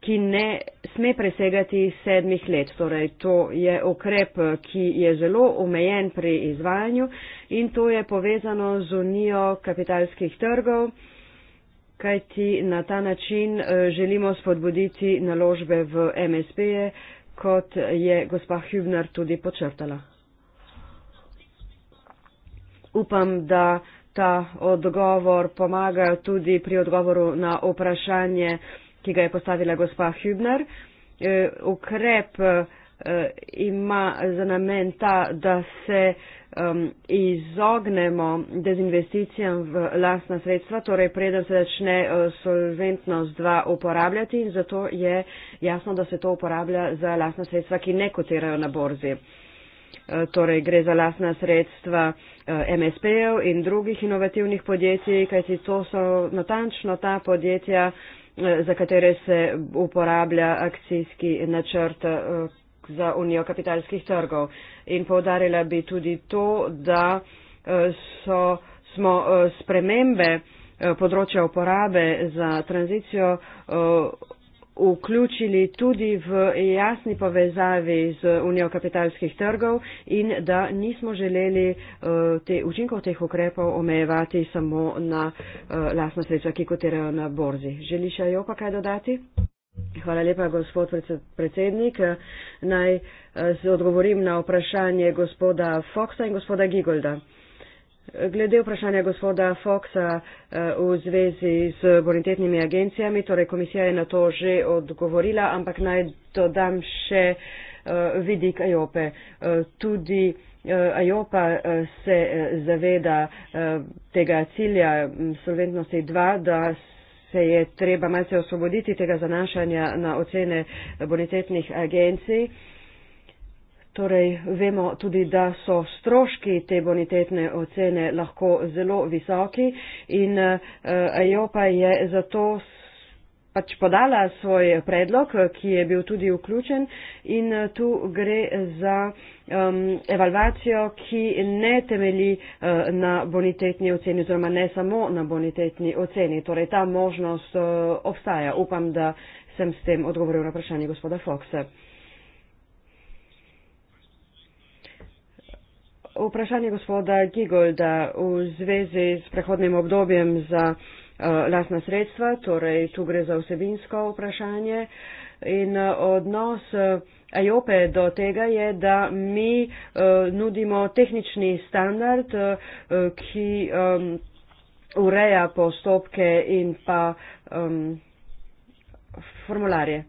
ki ne sme presegati sedmih let. Torej, to je ukrep, ki je zelo omejen pri izvajanju in to je povezano z unijo kapitalskih trgov, kajti na ta način e, želimo spodbuditi naložbe v MSP-je, kot je gospa Hübner tudi počrtala upam, da ta odgovor pomaga tudi pri odgovoru na vprašanje, ki ga je postavila gospa Hübner. E, ukrep e, ima za namen ta, da se izognemo dezinvesticijam v lastna sredstva, torej preden se začne e, solventnost 2 uporabljati in zato je jasno, da se to uporablja za lastna sredstva, ki ne kotirajo na borzi. Eh, torej gre za lastna sredstva eh, MSP-jev in drugih inovativnih podjetij, kajti to so natančno ta podjetja, eh, za katere se uporablja akcijski načrt za Unijo kapitalskih trgov. In povdarila bi tudi to, da so, smo spremembe področja uporabe za tranzicijo vključili tudi v jasni povezavi z Unijo kapitalskih trgov in da nismo želeli eh, te, učinkov teh ukrepov omejevati samo na eh, lasna sredstva, ki kotirajo na borzi. Želi še jo pa kaj dodati? Hvala lepa, gospod predsednik. Naj eh, odgovorim na vprašanje gospoda Foxa in gospoda Gigolda. Glede vprašanja gospoda Foxa eh, v zvezi z bonitetnimi agencijami, torej komisija je na to že odgovorila, ampak naj dodam še eh, vidik Ajope. Eh, tudi Ajopa se zaveda tega cilja mm, solventnosti 2, da se je treba malce osvoboditi tega zanašanja na ocene bonitetnih agencij. Torej, vemo tudi, da so stroški te bonitetne ocene lahko zelo visoki in EIOPA eh, je zato pač podala svoj predlog, ki je bil tudi vključen in eh, tu gre za um, evalvacijo, ki ne temeli uh, eh, na bonitetni oceni oziroma ne samo na bonitetni oceni. Torej, ta možnost uh, obstaja. Upam, da sem s tem odgovoril na vprašanje gospoda Foxa. Vprašanje gospoda Gigolda v zvezi s prehodnim obdobjem za uh, eh, lasna sredstva, torej tu gre za vsebinsko vprašanje in uh, odnos uh, AJOPE do tega je, da mi uh, nudimo tehnični standard, uh, ki um, ureja postopke in pa um, formularje.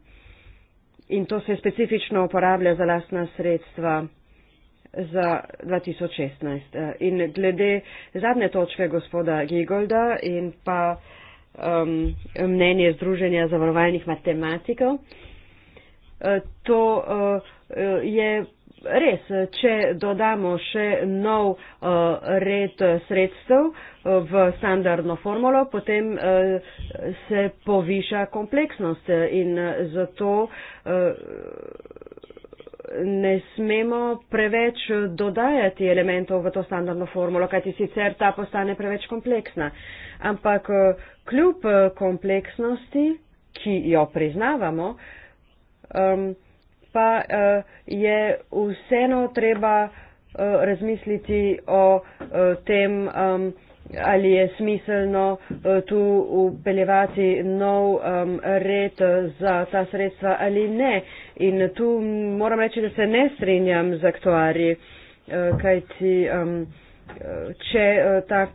In to se specifično uporablja za lasna sredstva za 2016. Eh, in glede zadnje točke gospoda Gigolda in pa um, mnenje Združenja zavarovalnih matematikov, eh, to uh, je res, če dodamo še nov uh, red sredstev v standardno formulo, potem uh, se poviša kompleksnost in zato. Uh, ne smemo preveč dodajati elementov v to standardno formulo, kajti sicer ta postane preveč kompleksna. Ampak eh, kljub eh, kompleksnosti, ki jo priznavamo, um, pa uh, je vseeno treba uh, razmisliti o uh, tem, um, ali je smiselno eh, tu upeljevati nov um, red za ta sredstva ali ne. In tu moram reči, da se ne strinjam z aktuarji, eh, kajti um, če tak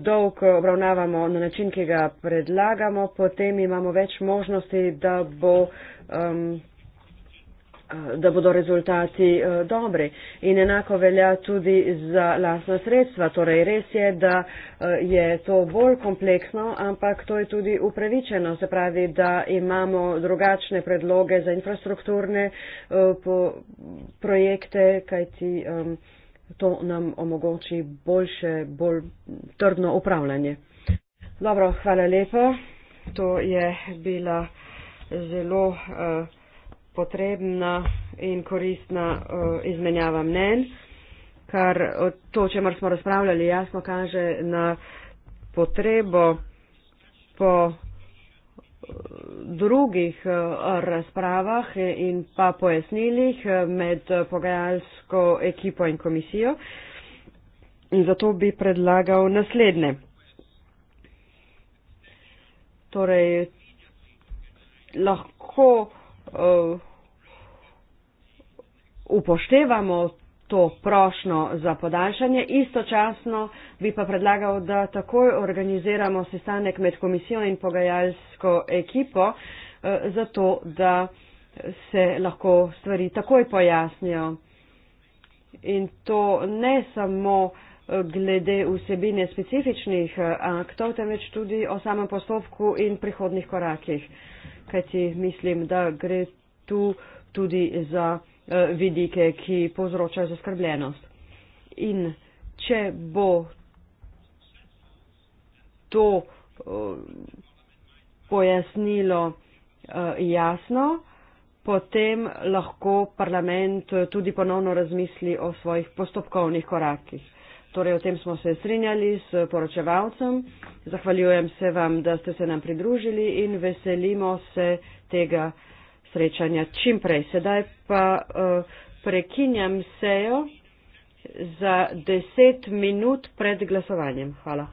dolg obravnavamo na način, ki ga predlagamo, potem imamo več možnosti, da bo. Um, Eh, da bodo rezultati eh, dobri. In enako velja tudi za lastna sredstva. Torej, res je, da eh, je to bolj kompleksno, ampak to je tudi upravičeno. Se pravi, da imamo drugačne predloge za infrastrukturne projekte, kajti to nam omogoči boljše, bolj trdno upravljanje. Dobro, hvala lepa. To je bila zelo. Uh, potrebna in koristna uh, izmenjava mnen, kar eh, to, o čemer smo razpravljali, jasno kaže na potrebo po eh, drugih razpravah in pa pojasnilih med pogajalsko ekipo in komisijo. In zato bi predlagal naslednje. Torej, lahko Eh, upoštevamo to prošno za podaljšanje. Istočasno bi pa predlagal, da takoj organiziramo sestanek med komisijo in pogajalsko ekipo, eh, zato da se lahko stvari takoj pojasnijo. In to ne samo eh, glede vsebine specifičnih aktov, temveč tudi o samem postopku in prihodnih korakih kajti mislim, da gre tu tudi za eh, vidike, ki povzročajo zaskrbljenost. In če bo to eh, pojasnilo eh, jasno, potem lahko parlament tudi ponovno razmisli o svojih postopkovnih korakih. Torej, o tem smo se strinjali s poročevalcem. Zahvaljujem se vam, da ste se nam pridružili in veselimo se tega srečanja čim prej. Sedaj pa uh, prekinjam sejo za deset minut pred glasovanjem. Hvala.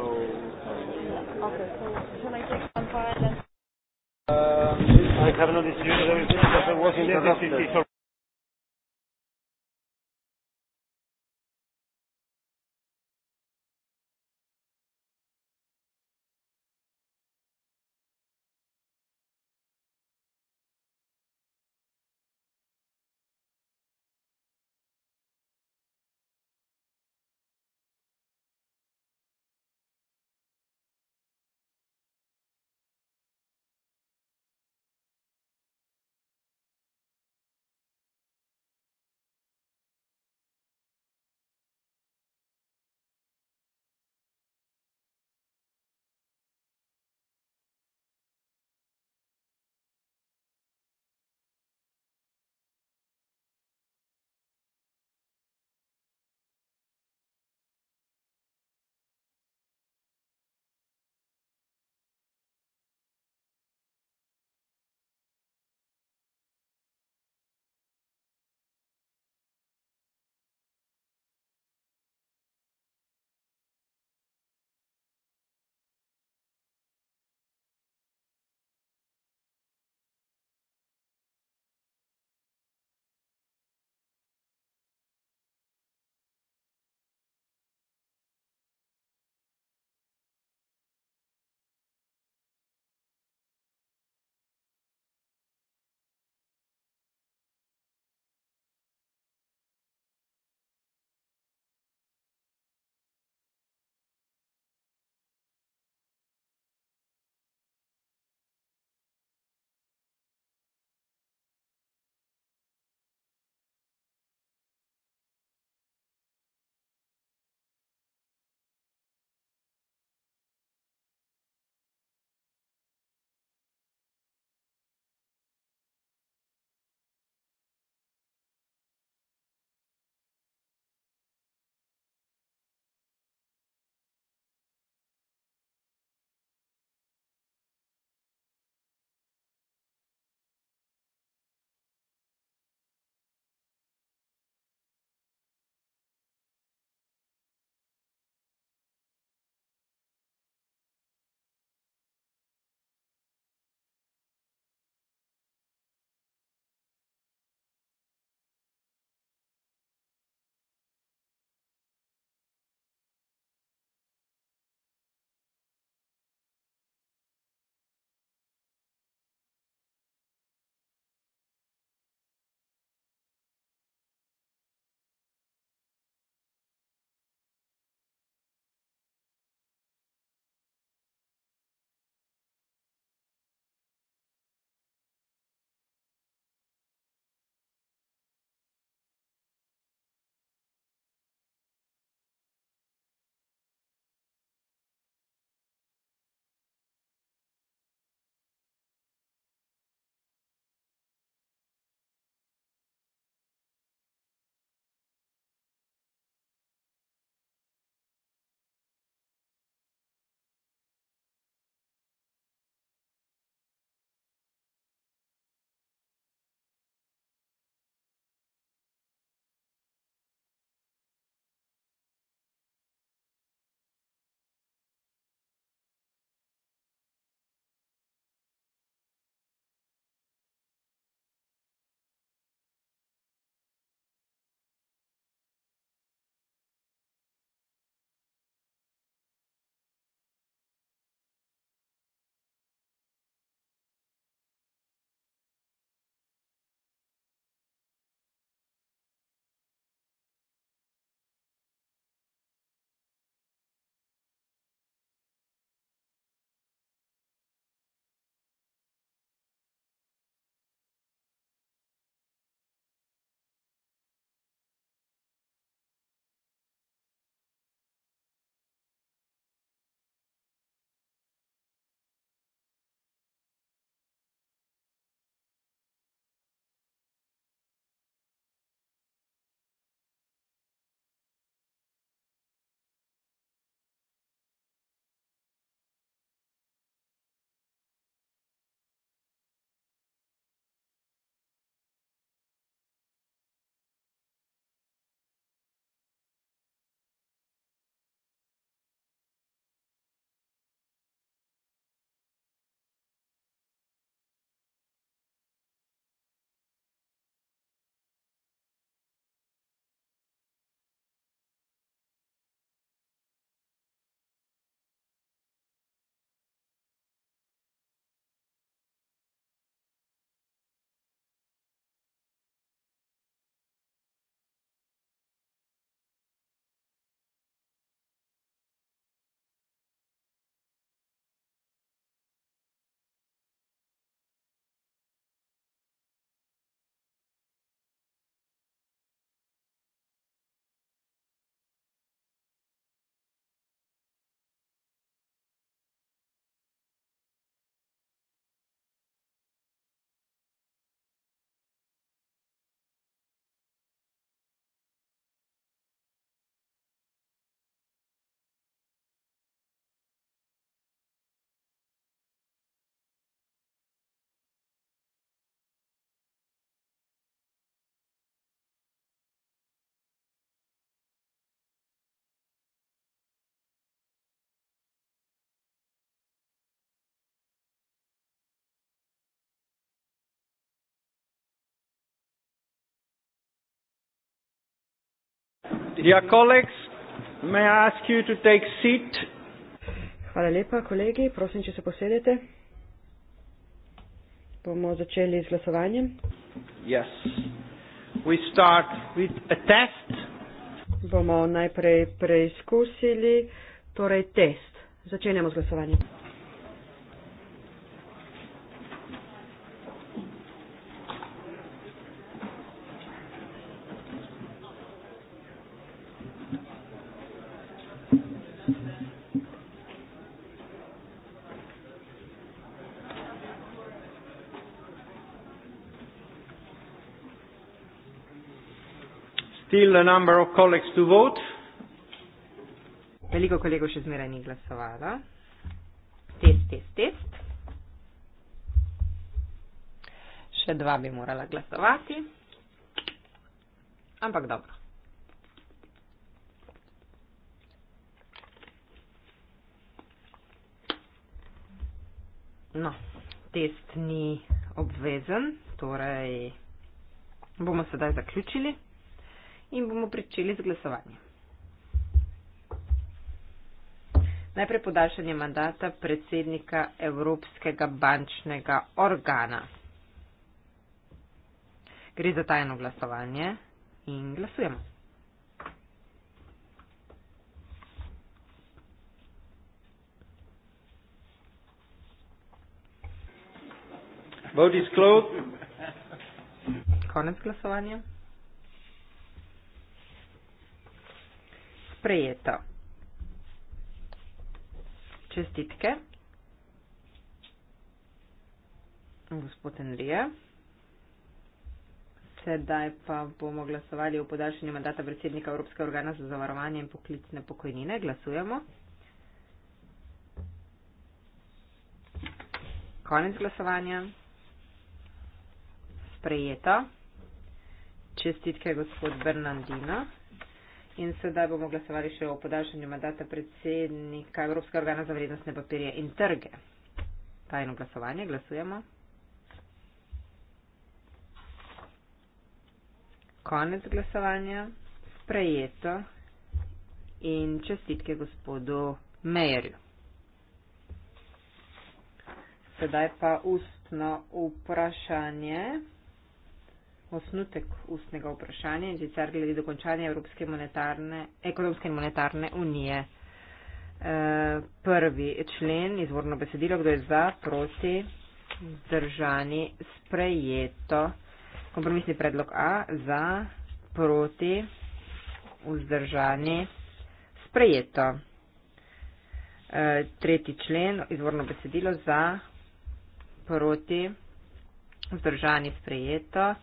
Okay, so can I take some file and... Um, I have no decision. I have a working day. Dear colleagues, may I ask you to take seat? Hvala lepa, kolegi, prosim, če se posedete. Bomo začeli z glasovanjem. Yes. We start with a test. Bomo najprej preizkusili, torej test. Začenjamo z glasovanjem. still a number of colleagues to vote. Veliko kolegov še zmeraj ni glasovalo. Test, test, test. Še dva bi morala glasovati. Ampak dobro. No, test ni obvezen, torej bomo sedaj zaključili in bomo pričeli z glasovanjem. Najprej podaljšanje mandata predsednika Evropskega bančnega organa. Gre za tajno glasovanje in glasujemo. Vote is closed. Konec glasovanja. sprejeto. Čestitke. Gospod Enrije. Sedaj pa bomo glasovali o podaljšanju mandata predsednika Evropske organa za zavarovanje in poklicne pokojnine. Glasujemo. Konec glasovanja. Sprejeto. Čestitke gospod Bernardino. In sedaj bomo glasovali še o podaljšanju mandata predsednika Evropskega organa za vrednostne papirje in trge. Tajno glasovanje, glasujemo. Konec glasovanja, sprejeto in čestitke gospodu Mejerju. Sedaj pa ustno vprašanje osnutek ustnega vprašanja in sicer glede dokončanja Evropske monetarne, ekonomske in monetarne unije. E, prvi člen, izvorno besedilo, kdo je za, proti, držani, sprejeto. Kompromisni predlog A, za, proti, vzdržani, sprejeto. E, tretji člen, izvorno besedilo, za, proti, vzdržani, sprejeto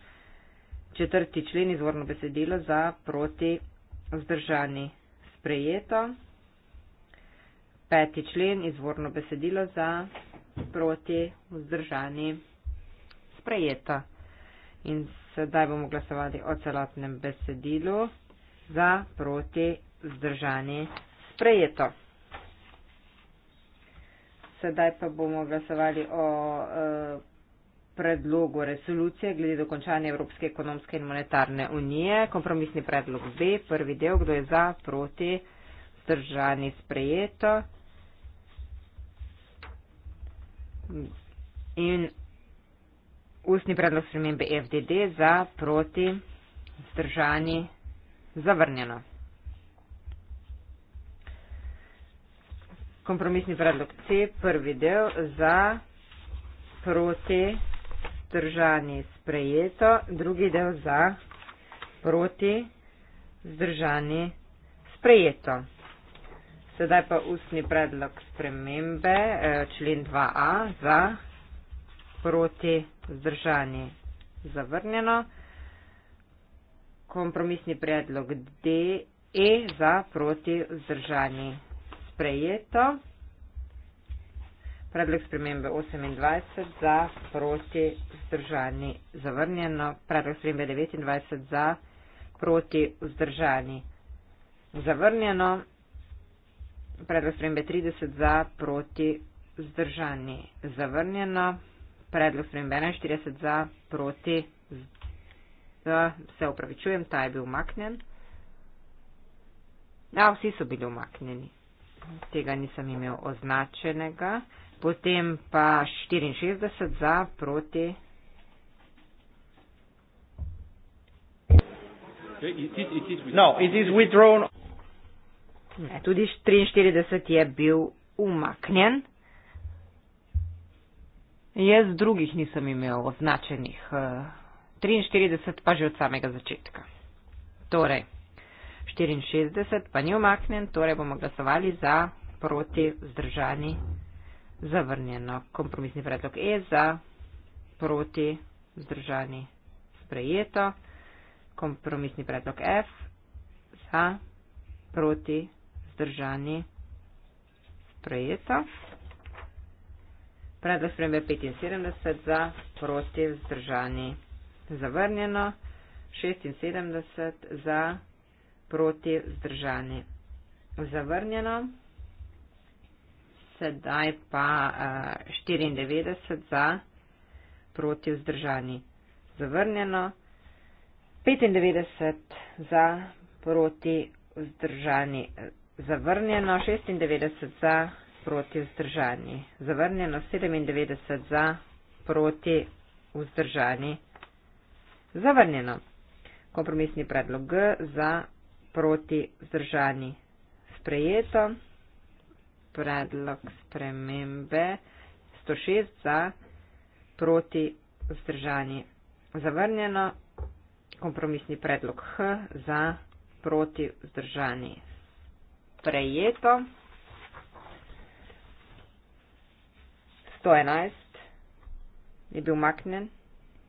četrti člen izvorno besedilo za proti vzdržani sprejeto, peti člen izvorno besedilo za proti vzdržani sprejeto. In sedaj bomo glasovali o celotnem besedilu za proti vzdržani sprejeto. Sedaj pa bomo glasovali o uh, predlogu resolucije glede dokončanja Evropske ekonomske in monetarne unije. Kompromisni predlog B, prvi del, kdo je za, proti, zdržani sprejeto. In ustni predlog spremembe FDD za, proti, zdržani, zavrnjeno. Kompromisni predlog C, prvi del, za, proti, zdržani sprejeto vzdržani sprejeto, drugi del za, proti, vzdržani sprejeto. Sedaj pa ustni predlog spremembe, eh, člen 2a, za, proti, vzdržani zavrnjeno, kompromisni predlog D, E za proti vzdržani sprejeto. Predlog spremembe 28 za, proti, vzdržani, zavrnjeno. Predlog spremembe 29 za, proti, vzdržani, zavrnjeno. Predlog spremembe 30 za, proti, vzdržani, zavrnjeno. Predlog spremembe 41 za, proti, da se upravičujem, ta je bil umaknen. Ja, vsi so bili umaknjeni. Tega nisem imel označenega potem pa 64 za, proti. No, it is withdrawn. Ne, tudi 43 je bil umaknjen. Jaz drugih nisem imel označenih. 43 eh, pa že od samega začetka. Torej, 64 pa ni umaknjen, torej bomo glasovali za, proti, zdržani zavrnjeno. Kompromisni predlog E za, proti, vzdržani, sprejeto. Kompromisni predlog F za, proti, vzdržani, sprejeto. Predlog spremembe 75 za, proti, vzdržani, zavrnjeno. 76 za, proti, vzdržani, zavrnjeno sedaj pa uh, 94 za, proti vzdržani zavrnjeno, 95 za, proti vzdržani zavrnjeno, 96 za, proti vzdržani zavrnjeno, 97 za, proti vzdržani zavrnjeno. Kompromisni predlog G za, proti vzdržani sprejeto predlog spremembe 106 za proti vzdržanje. Zavrnjeno kompromisni predlog H za proti vzdržanje. Prejeto 111 je bil maknen.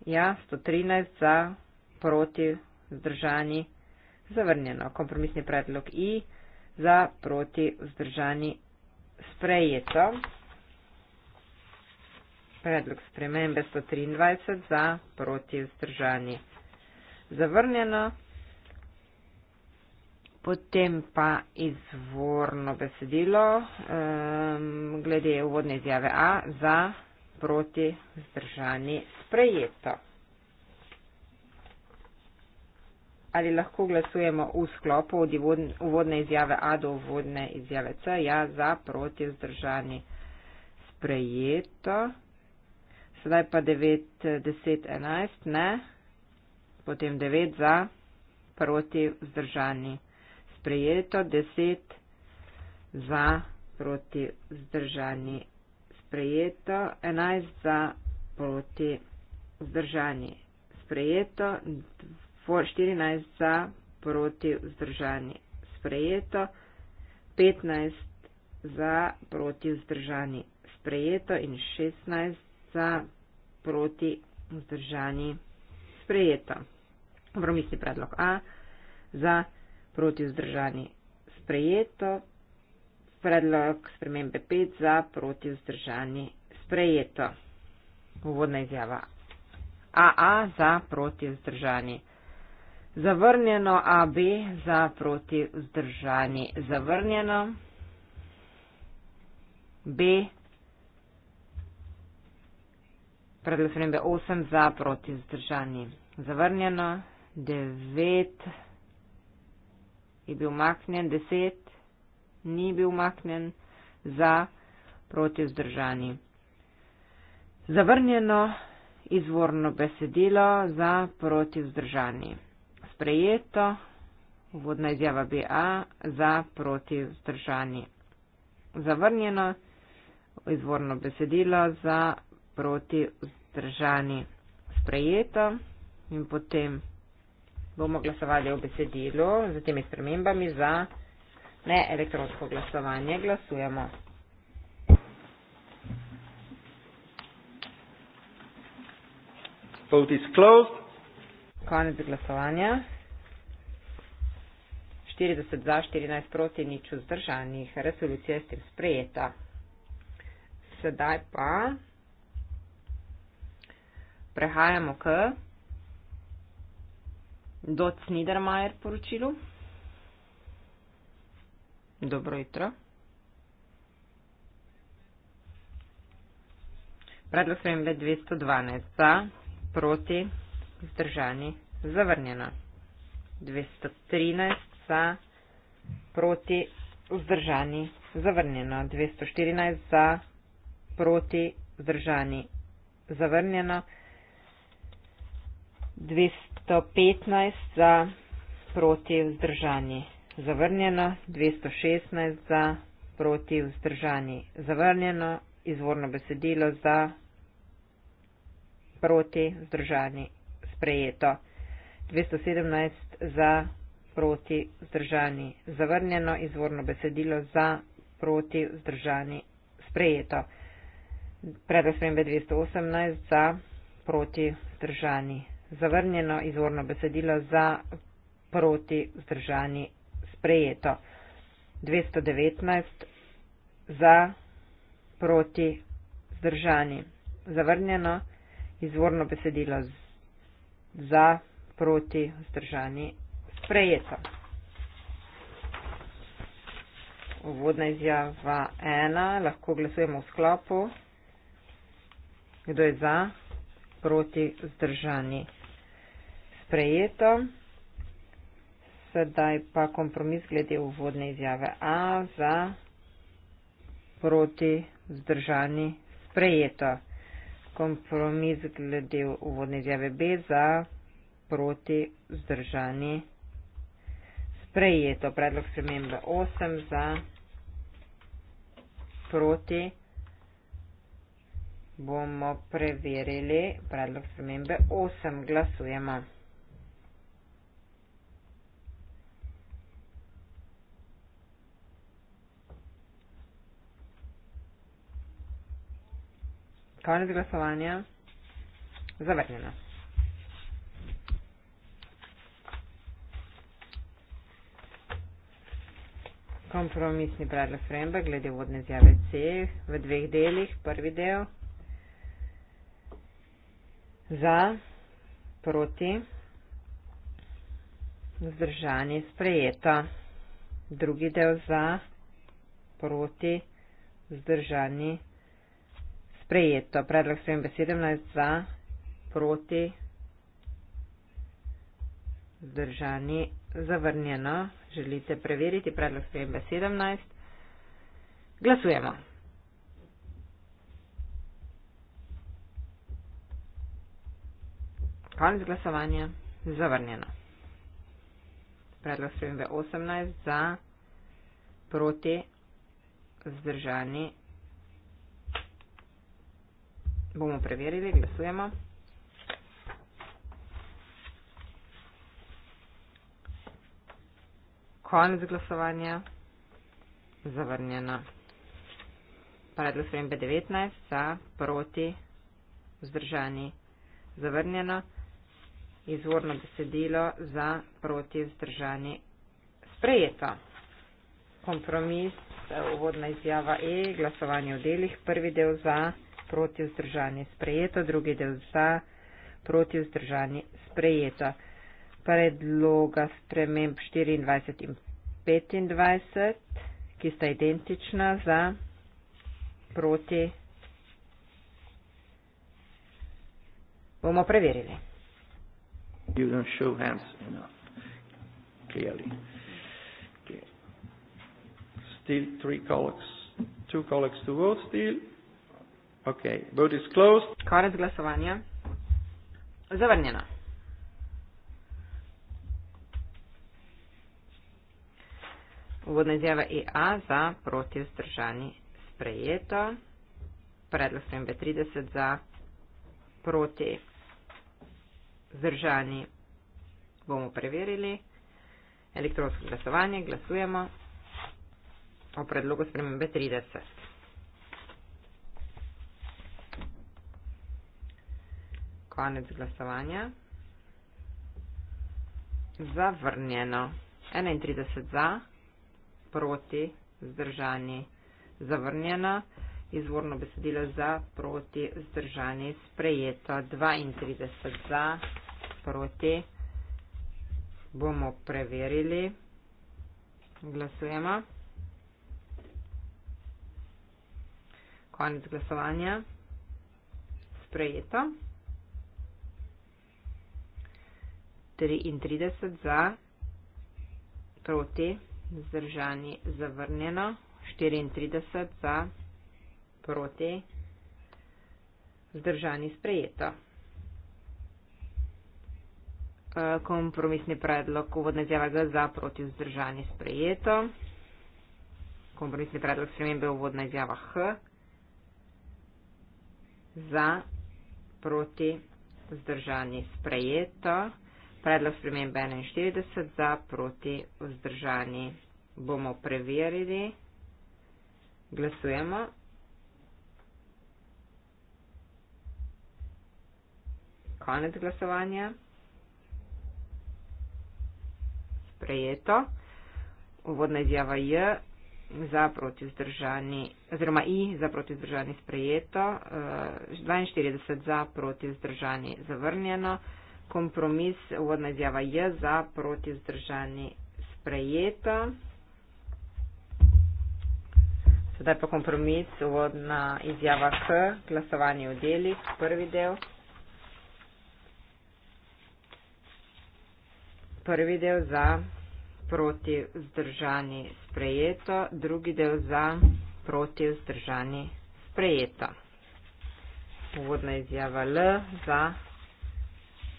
Ja, 113 za proti vzdržanje. Zavrnjeno kompromisni predlog I za proti vzdržanje sprejeto predlog spremembe 123 za proti vzdržanje. Zavrnjeno, potem pa izvorno besedilo um, glede uvodne izjave A za proti vzdržanje sprejeto. ali lahko glasujemo v sklopu od uvodne izjave A do uvodne izjave C. Ja, za, proti, zdržani, sprejeto. Sedaj pa 9, 10, 11, ne. Potem 9 za, proti, zdržani, sprejeto. 10 za, proti, zdržani, sprejeto. 11 za, proti, zdržani, sprejeto. 14 za, proti vzdržani sprejeto, 15 za, proti vzdržani sprejeto in 16 za, proti vzdržani sprejeto. Kompromisni predlog A za, proti vzdržani sprejeto, predlog spremembe 5 za, proti vzdržani sprejeto. Uvodna izjava. AA za proti vzdržanje. Zavrnjeno AB za proti vzdržani zavrnjeno. B. Predlog spremembe 8 za proti vzdržani zavrnjeno. 9 je bil umaknjen, 10 ni bil umaknjen za proti vzdržani. Zavrnjeno izvorno besedilo za proti vzdržani sprejeto, vodna izjava BA za proti vzdržani. Zavrnjeno, izvorno besedilo za proti vzdržani. Sprejeto in potem bomo glasovali o besedilu z temi spremembami za neelektronsko glasovanje. Glasujemo. Vote is closed konec glasovanja. 40 za, 14 proti, nič vzdržanih. Resolucija je s tem sprejeta. Sedaj pa prehajamo k Doc Niedermayer poročilu. Dobro jutro. Predlog sprejem 212 za, proti vzdržani, zavrnjena. 213 za, proti, vzdržani, zavrnjena. 214 za, proti, vzdržani, zavrnjena. 215 za, proti, vzdržani, zavrnjena. 216 za, proti, vzdržani, zavrnjena. Izvorno besedilo za, proti, vzdržani, zavrnjena sprejeto. 217 za, proti, zdržani, zavrnjeno, izvorno besedilo za, proti, zdržani, sprejeto. Predosprembe 218 za, proti, zdržani, zavrnjeno, izvorno besedilo za, proti, zdržani, sprejeto. 219 za, proti, zdržani, zavrnjeno, izvorno besedilo za, za, proti, vzdržani, sprejeto. Uvodna izjava ena, lahko glasujemo v sklopu, kdo je za, proti, vzdržani, sprejeto. Sedaj pa kompromis glede uvodne izjave A za, proti, vzdržani, sprejeto kompromis glede uvodne izjave B za proti vzdržani sprejeto. Predlog spremembe 8 za proti bomo preverili predlog spremembe 8. Glasujemo. konec glasovanja zavrnjena. Kompromisni predlog Fremba glede vodne zjave C v dveh delih, prvi del za, proti, vzdržanje sprejeto, drugi del za, proti, vzdržanje sprejeto sprejeto. Predlog spremembe 17 za, proti, zdržani, zavrnjeno. Želite preveriti predlog spremembe 17? Glasujemo. Konec glasovanja, zavrnjeno. Predlog spremembe 18 za, proti, zdržani, zavrnjeno. Bomo preverili, glasujemo. Konec glasovanja. Zavrnjeno. Predlog spremembe 19, za, proti, vzdržani. Zavrnjeno. Izvorno besedilo za, proti, vzdržani. Sprejeto. Kompromis, uvodna izjava E, glasovanje v delih, prvi del za proti vzdržanje sprejeto, drugi del za proti vzdržanje sprejeto. Predloga sprememb 24 in 25, ki sta identična za proti, bomo preverili. Still three colleagues, two colleagues to vote still. Okay, vote is closed. Konec glasovanja. Zavrnjeno. Uvodna izjava EA za proti vzdržani sprejeto. Predlog sprem B30 za proti vzdržani bomo preverili. Elektronsko glasovanje glasujemo o predlogu sprem B30. konec glasovanja. Zavrnjeno. 31 za, proti, zdržani. Zavrnjeno. Izvorno besedilo za, proti, zdržani. Sprejeto. 32 za, proti. Bomo preverili. Glasujemo. Konec glasovanja. Sprejeto. 33 za, proti, zdržani, zavrnjeno, 34 za, proti, zdržani, sprejeto. E, kompromisni predlog, uvodna izjava ga za, proti, zdržani, sprejeto. Kompromisni predlog spremembe, uvodna izjava H. Za, proti, zdržani, sprejeto. Predlog spremembe 41 za proti vzdržani. Bomo preverili. Glasujemo. Konec glasovanja. Sprejeto. Uvodna izjava J za proti vzdržani, oziroma I za proti vzdržani sprejeto. 42 eh, za proti vzdržani zavrnjeno kompromis uvodna izjava je za proti zdržani sprejeta. Sedaj pa kompromis uvodna izjava K, glasovanje v delih, prvi del. Prvi del za proti zdržani sprejeto, drugi del za proti zdržani sprejeto. Uvodna izjava L za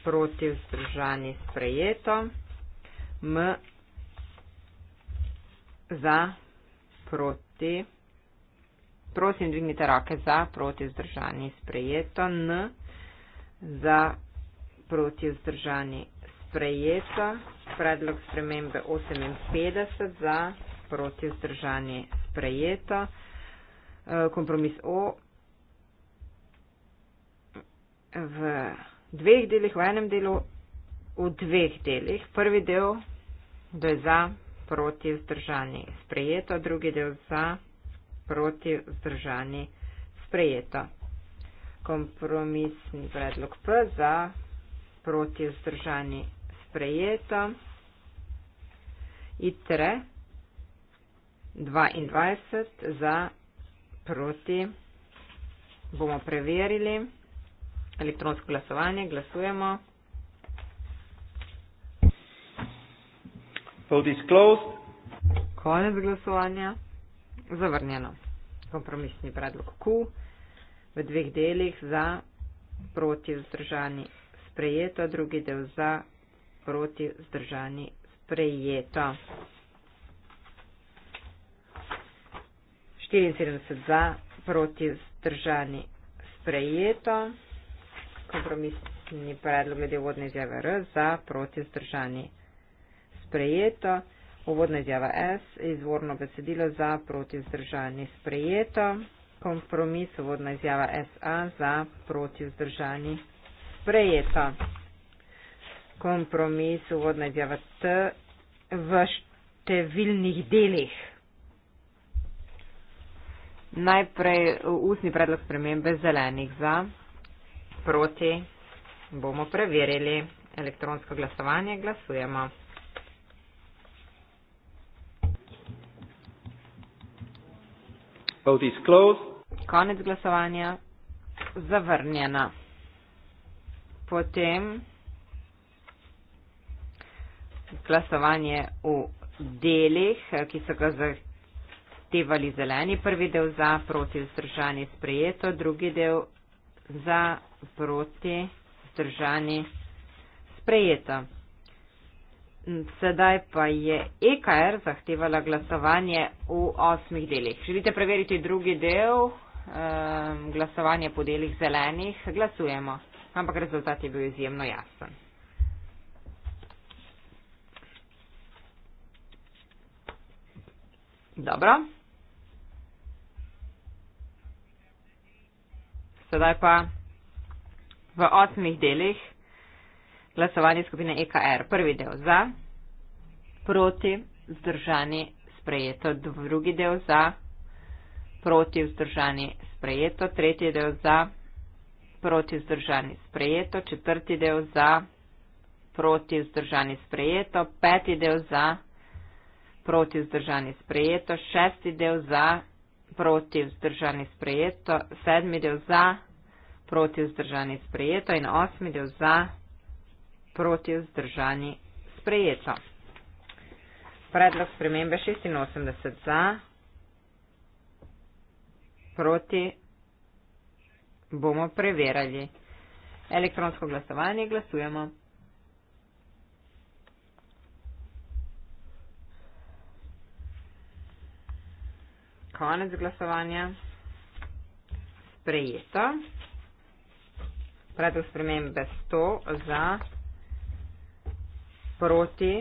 proti vzdržani sprejeto, m za proti, prosim, dvignite roke za proti vzdržani sprejeto, n za proti vzdržani sprejeto, predlog spremembe 58 za proti vzdržani sprejeto, e, kompromis o v dveh delih, v enem delu, v dveh delih. Prvi del, da je za, proti, vzdržani, sprejeto, drugi del za, proti, vzdržani, sprejeto. Kompromisni predlog P za, proti, vzdržani, sprejeto. ITRE 22 za, proti, bomo preverili elektronsko glasovanje. Glasujemo. Vote is closed. Konec glasovanja. Zavrnjeno. Kompromisni predlog Q v dveh delih za, proti vzdržani sprejeto, drugi del za, proti vzdržani sprejeto. 74 za, proti vzdržani sprejeto kompromisni predlog glede vodne izjave R za proti zdržanje. Sprejeto. Uvodna izjava S, izvorno besedilo za proti zdržanje sprejeto, kompromis uvodna izjava SA za proti zdržanje sprejeto, kompromis uvodna izjava T v številnih delih. Najprej usni predlog spremembe zelenih za proti. Bomo preverili elektronsko glasovanje. Glasujemo. Vote is closed. Konec glasovanja. Zavrnjena. Potem glasovanje v delih, ki so ga zahtevali zeleni. Prvi del za, proti vzdržanje sprejeto, drugi del za proti vzdržani sprejeto. Sedaj pa je EKR zahtevala glasovanje v osmih delih. Želite preveriti drugi del, um, glasovanje po delih zelenih, glasujemo. Ampak rezultat je bil izjemno jasen. Dobro. Sedaj pa v osmih delih glasovanje skupine EKR. Prvi del za, proti, zdržani, sprejeto. Drugi del za, proti, zdržani, sprejeto. Tretji del za, proti, zdržani, sprejeto. Četrti del za, proti, zdržani, sprejeto. Peti del za, proti, zdržani, sprejeto. Šesti del za, proti vzdržani sprejeto, sedmi del za, proti vzdržani sprejeto in osmi del za, proti vzdržani sprejeto. Predlog spremembe 86 za, proti bomo preverjali. Elektronsko glasovanje glasujemo. konec glasovanja. Sprejeto. Predlog spremembe 100 za, proti.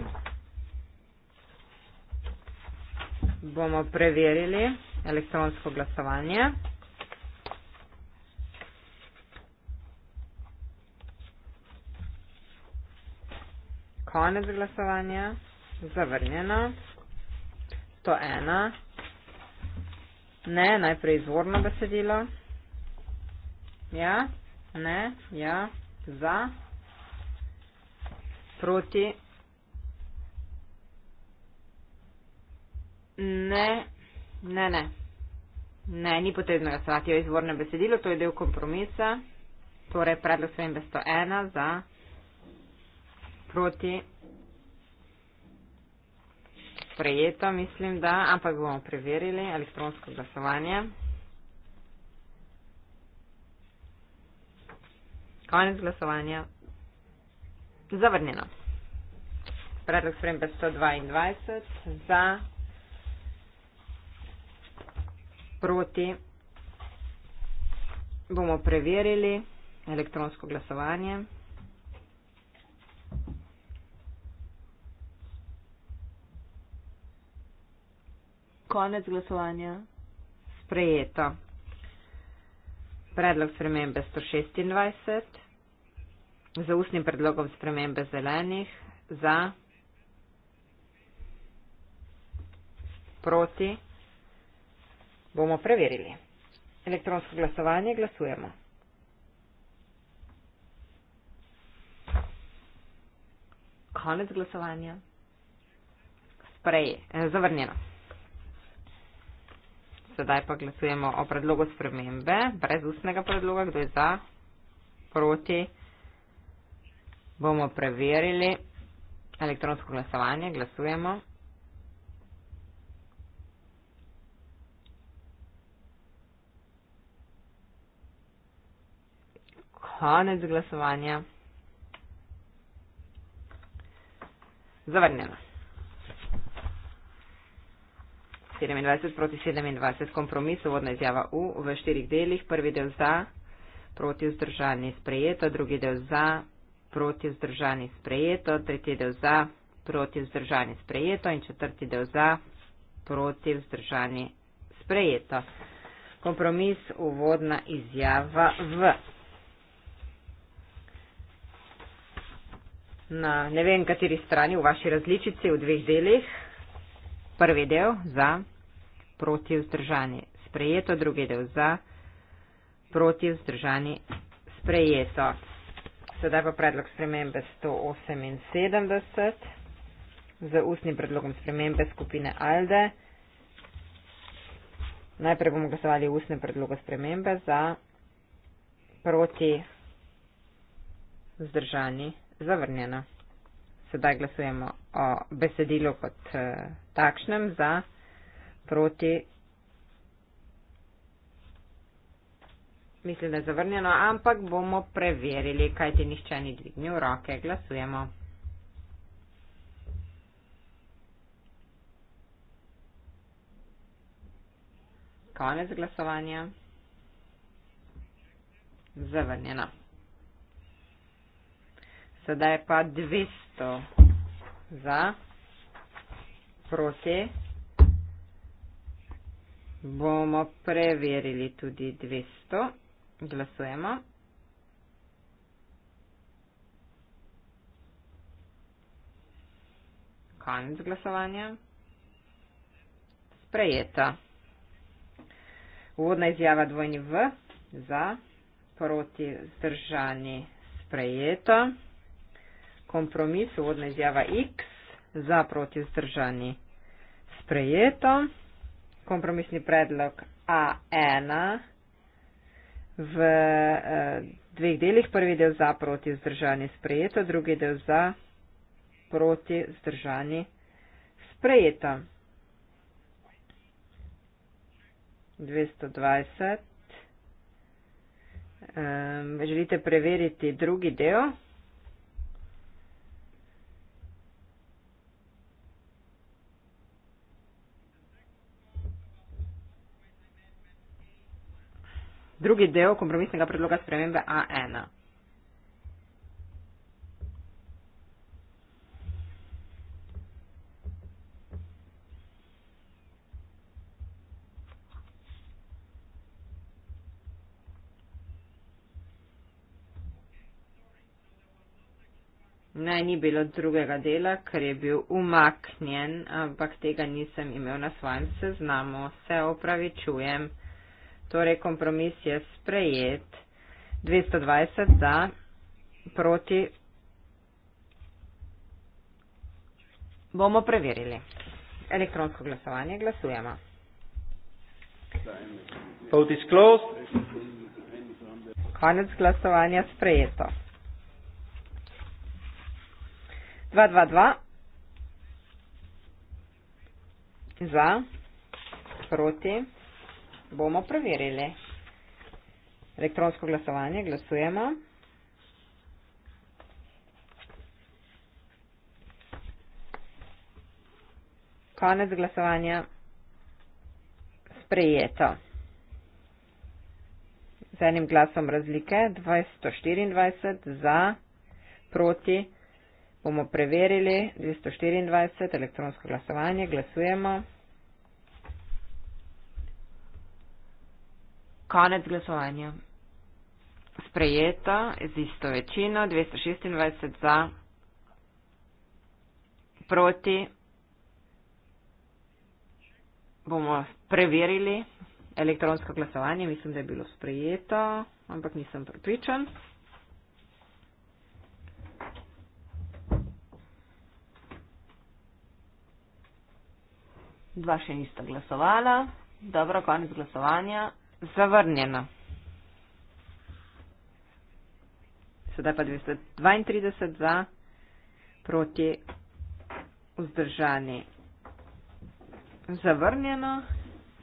Bomo preverili elektronsko glasovanje. Konec glasovanja. Zavrnjeno. 101. Ne, najprej izvorno besedilo. Ja, ne, ja, za, proti, ne, ne, ne. Ne, ni potrebno glasovati o izvornem besedilu, to je del kompromisa. Torej, predlog 701 za, proti, ne sprejeto, mislim, da, ampak bomo preverili elektronsko glasovanje. Konec glasovanja. Zavrnjeno. Predlog spremembe 122 za proti. Bomo preverili elektronsko glasovanje. Konec glasovanja. Sprejeto. Predlog spremembe 126. Za ustnim predlogom spremembe zelenih. Za. Proti. Bomo preverili. Elektronsko glasovanje glasujemo. Konec glasovanja. Sprej, eh, zavrnjeno sedaj pa glasujemo o predlogu spremembe, brez ustnega predloga, kdo je za, proti. Bomo preverili elektronsko glasovanje, glasujemo. Konec glasovanja. Zavrnjeno. 27 proti 27 kompromis, uvodna izjava U v štirih delih, prvi del za, proti vzdržani sprejeto, drugi del za, proti vzdržani sprejeto, tretji del za, proti vzdržani sprejeto in četrti del za, proti vzdržani sprejeto. Kompromis, uvodna izjava V. Na ne vem kateri strani, v vaši različici, v dveh delih prvi del za proti vzdržani sprejeto, drugi del za proti vzdržani sprejeto. Sedaj pa predlog spremembe 178 z ustnim predlogom spremembe skupine ALDE. Najprej bomo glasovali ustne predloge spremembe za proti vzdržani zavrnjeno. Sedaj glasujemo o besedilu kot. Eh, takšnem za proti. Mislim, da je zavrnjeno, ampak bomo preverili, kaj ti nišče ni dvignil roke. Glasujemo. Konec glasovanja. Zavrnjeno. Sedaj pa 200 za proti. Bomo preverili tudi 200. Glasujemo. Konec glasovanja. Sprejeta. Uvodna izjava dvojni V za proti zdržani sprejeta. Kompromis uvodna izjava X za proti vzdržani. Sprejeto. Kompromisni predlog A1 v eh, dveh delih. Prvi del za proti vzdržani sprejeto, drugi del za proti vzdržani sprejeto. 220. Eh, želite preveriti drugi del? drugi del kompromisnega predloga spremembe A1. Naj ni bilo drugega dela, ker je bil umaknjen, ampak tega nisem imel na svojem seznamu. Se opravičujem. Torej, kompromis je sprejet. 220 za, proti. Bomo preverili. Elektronsko glasovanje glasujemo. Vote is closed. Konec glasovanja sprejeto. 222 za, proti. Bomo preverili. Elektronsko glasovanje, glasujemo. Konec glasovanja. Sprejeto. Z enim glasom razlike, 224 za, proti, bomo preverili, 224, elektronsko glasovanje, glasujemo. Konec glasovanja. Sprejeto z isto večino, 226 za, proti. Bomo preverili elektronsko glasovanje. Mislim, da je bilo sprejeto, ampak nisem pripričan. Dva še nista glasovala. Dobro, konec glasovanja zavrnjeno. Sedaj pa 232, 2 proti vzdržani. Zavrnjeno.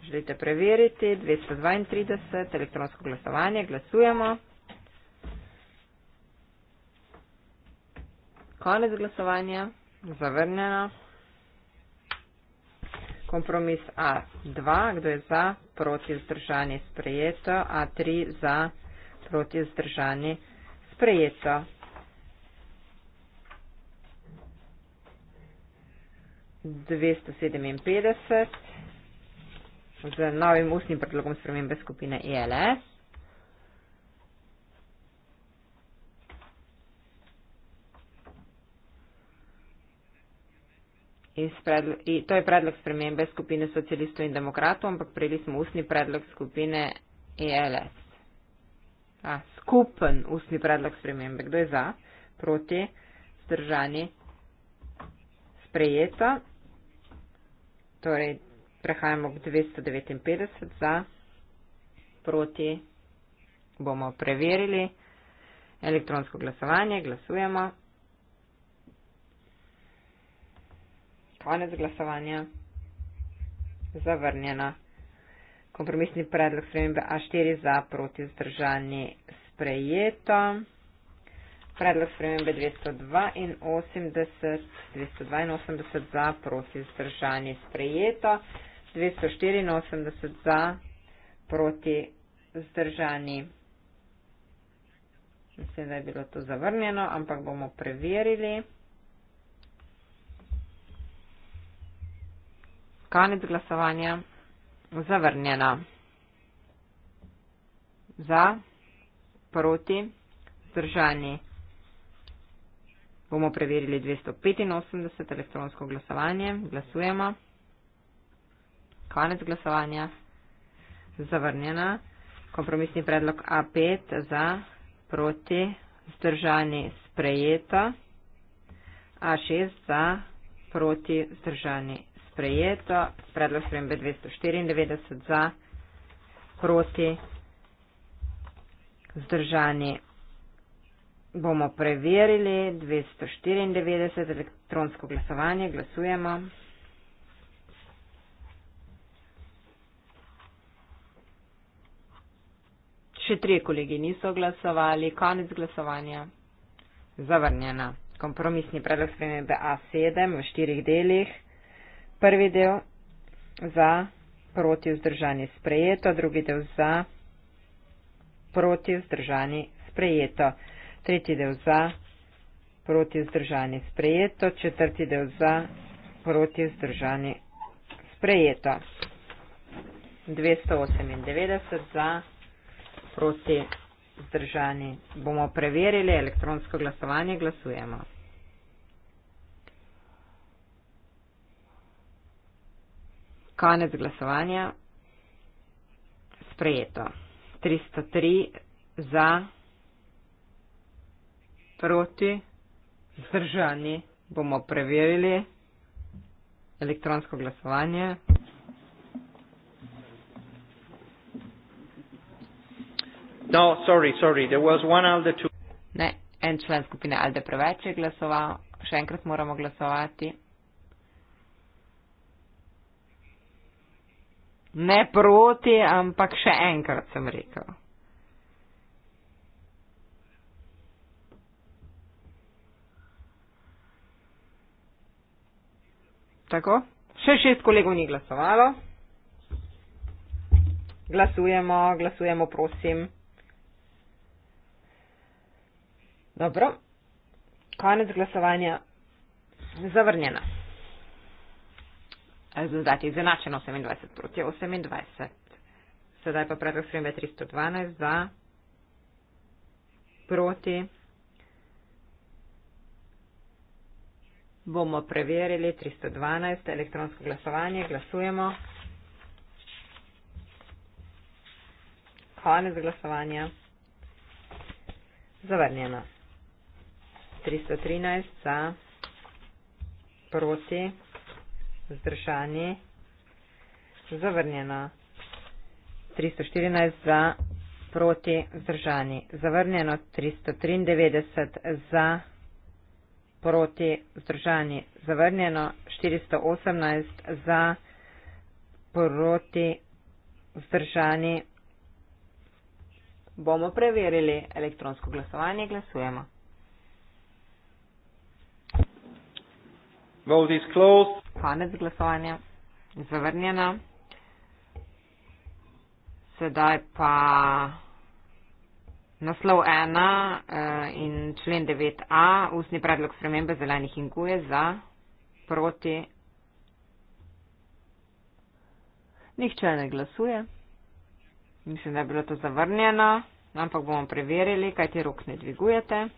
Želite preveriti 232, elektronsko glasovanje, glasujemo. Konec glasovanja, zavrnjeno. Kompromis A2, kdo je za, proti vzdržani sprejeto, A3 za, proti vzdržani sprejeto. dvesto sedeminpetdeset z novim ustnim predlogom spremembe skupine ILS e To je predlog spremembe skupine socialistov in demokratov, ampak prejeli smo usni predlog skupine ELS. A, skupen usni predlog spremembe. Kdo je za? Proti? Zdržani? Sprejeto? Torej, prehajamo k 259 za. Proti? Bomo preverili. Elektronsko glasovanje. Glasujemo. Konec glasovanja. Zavrnjena. Kompromisni predlog spremembe A4 za proti zdržani sprejeto. Predlog spremembe 282, 282 za proti zdržani sprejeto. 284 za proti zdržani. Mislim, da je bilo to zavrnjeno, ampak bomo preverili. konec glasovanja zavrnjena. Za, proti, zdržani. Bomo preverili 285 elektronsko glasovanje. Glasujemo. Konec glasovanja zavrnjena. Kompromisni predlog A5 za, proti, zdržani, sprejeta. A6 za, proti, zdržani, sprejeto, predlog spremembe 294 za, proti, vzdržani. Bomo preverili 294 elektronsko glasovanje, glasujemo. Še tri kolegi niso glasovali, konec glasovanja. Zavrnjena. Kompromisni predlog spremembe A7 v štirih delih prvi del za, proti vzdržani sprejeto, drugi del za, proti vzdržani sprejeto, tretji del za, proti vzdržani sprejeto, četrti del za, proti vzdržani sprejeto. 298 za, proti vzdržani bomo preverili elektronsko glasovanje, glasujemo. Konec glasovanja. Sprejeto. 303 za, proti, zdržani. Bomo preverili elektronsko glasovanje. No, sorry, sorry. There was one Alde two. Ne, en člen skupine Alde preveč je glasoval. Še enkrat moramo glasovati. ne proti, ampak še enkrat sem rekel. Tako, še šest kolegov ni glasovalo. Glasujemo, glasujemo, prosim. Dobro, konec glasovanja zavrnjena. Rezultat je izenačen 28 proti 28. Sedaj pa predlog sprejme 312 za proti. Bomo preverili 312 elektronsko glasovanje. Glasujemo. Konec glasovanja. Zavrnjeno. 313 za proti vzdržani. Zavrnjeno. 314 za, proti, vzdržani. Zavrnjeno 393 za, proti, vzdržani. Zavrnjeno 418 za, proti, vzdržani. Bomo preverili elektronsko glasovanje. Glasujemo. Konec glasovanja. Zavrnjena. Sedaj pa naslov 1 eh, in člen 9a, ustni predlog spremembe zelenih in guje za, proti. Nihče ne glasuje. Mislim, da je bilo to zavrnjeno, ampak bomo preverili, kaj ti rok ne dvigujete.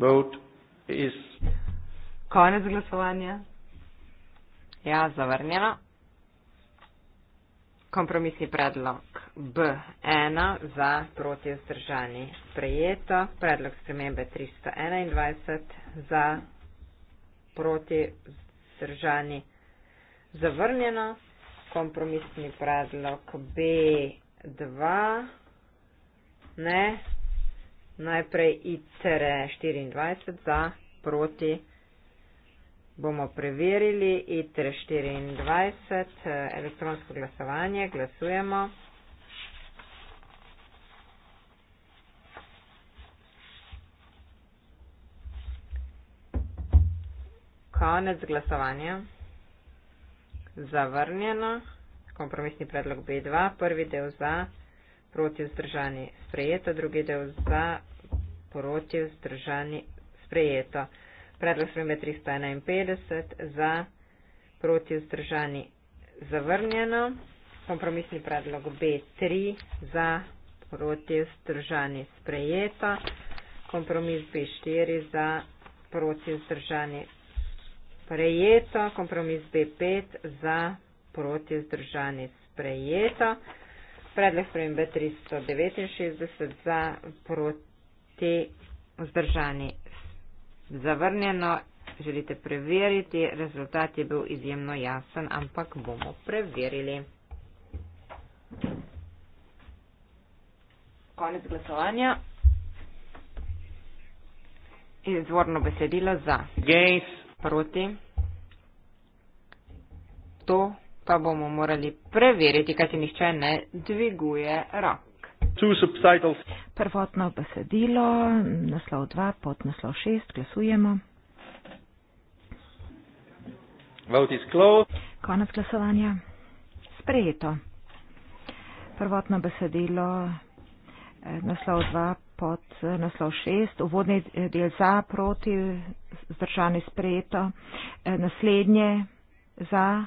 Vote is Konec glasovanja. Ja, zavrnjeno. Kompromisni predlog B1 za proti vzdržani sprejeto. Predlog spremembe 321 za proti vzdržani zavrnjeno. Kompromisni predlog B2. Ne, najprej ICR 24 za, proti, bomo preverili ICR 24, elektronsko glasovanje, glasujemo. Konec glasovanja, zavrnjeno, kompromisni predlog B2, prvi del za, proti vzdržani sprejeto, drugi del za proti vzdržani sprejeto. Predlog spremembe 351 za proti vzdržani zavrnjeno, kompromisni predlog B3 za proti vzdržani sprejeto, kompromis B4 za proti vzdržani sprejeto, kompromis B5 za proti vzdržani sprejeto. Predlog spremembe 369 za proti vzdržani zavrnjeno. Želite preveriti, rezultat je bil izjemno jasen, ampak bomo preverili. Konec glasovanja. Izvorno besedilo za. Yes. Proti. To pa bomo morali preveriti, kaj ti nihče ne dviguje rok. Prvotno besedilo, naslov 2, pod naslov 6, glasujemo. Konec glasovanja. Sprejeto. Prvotno besedilo, eh, naslov 2, pod eh, naslov 6, uvodni eh, del za, proti, zdržani sprejeto. Naslednje za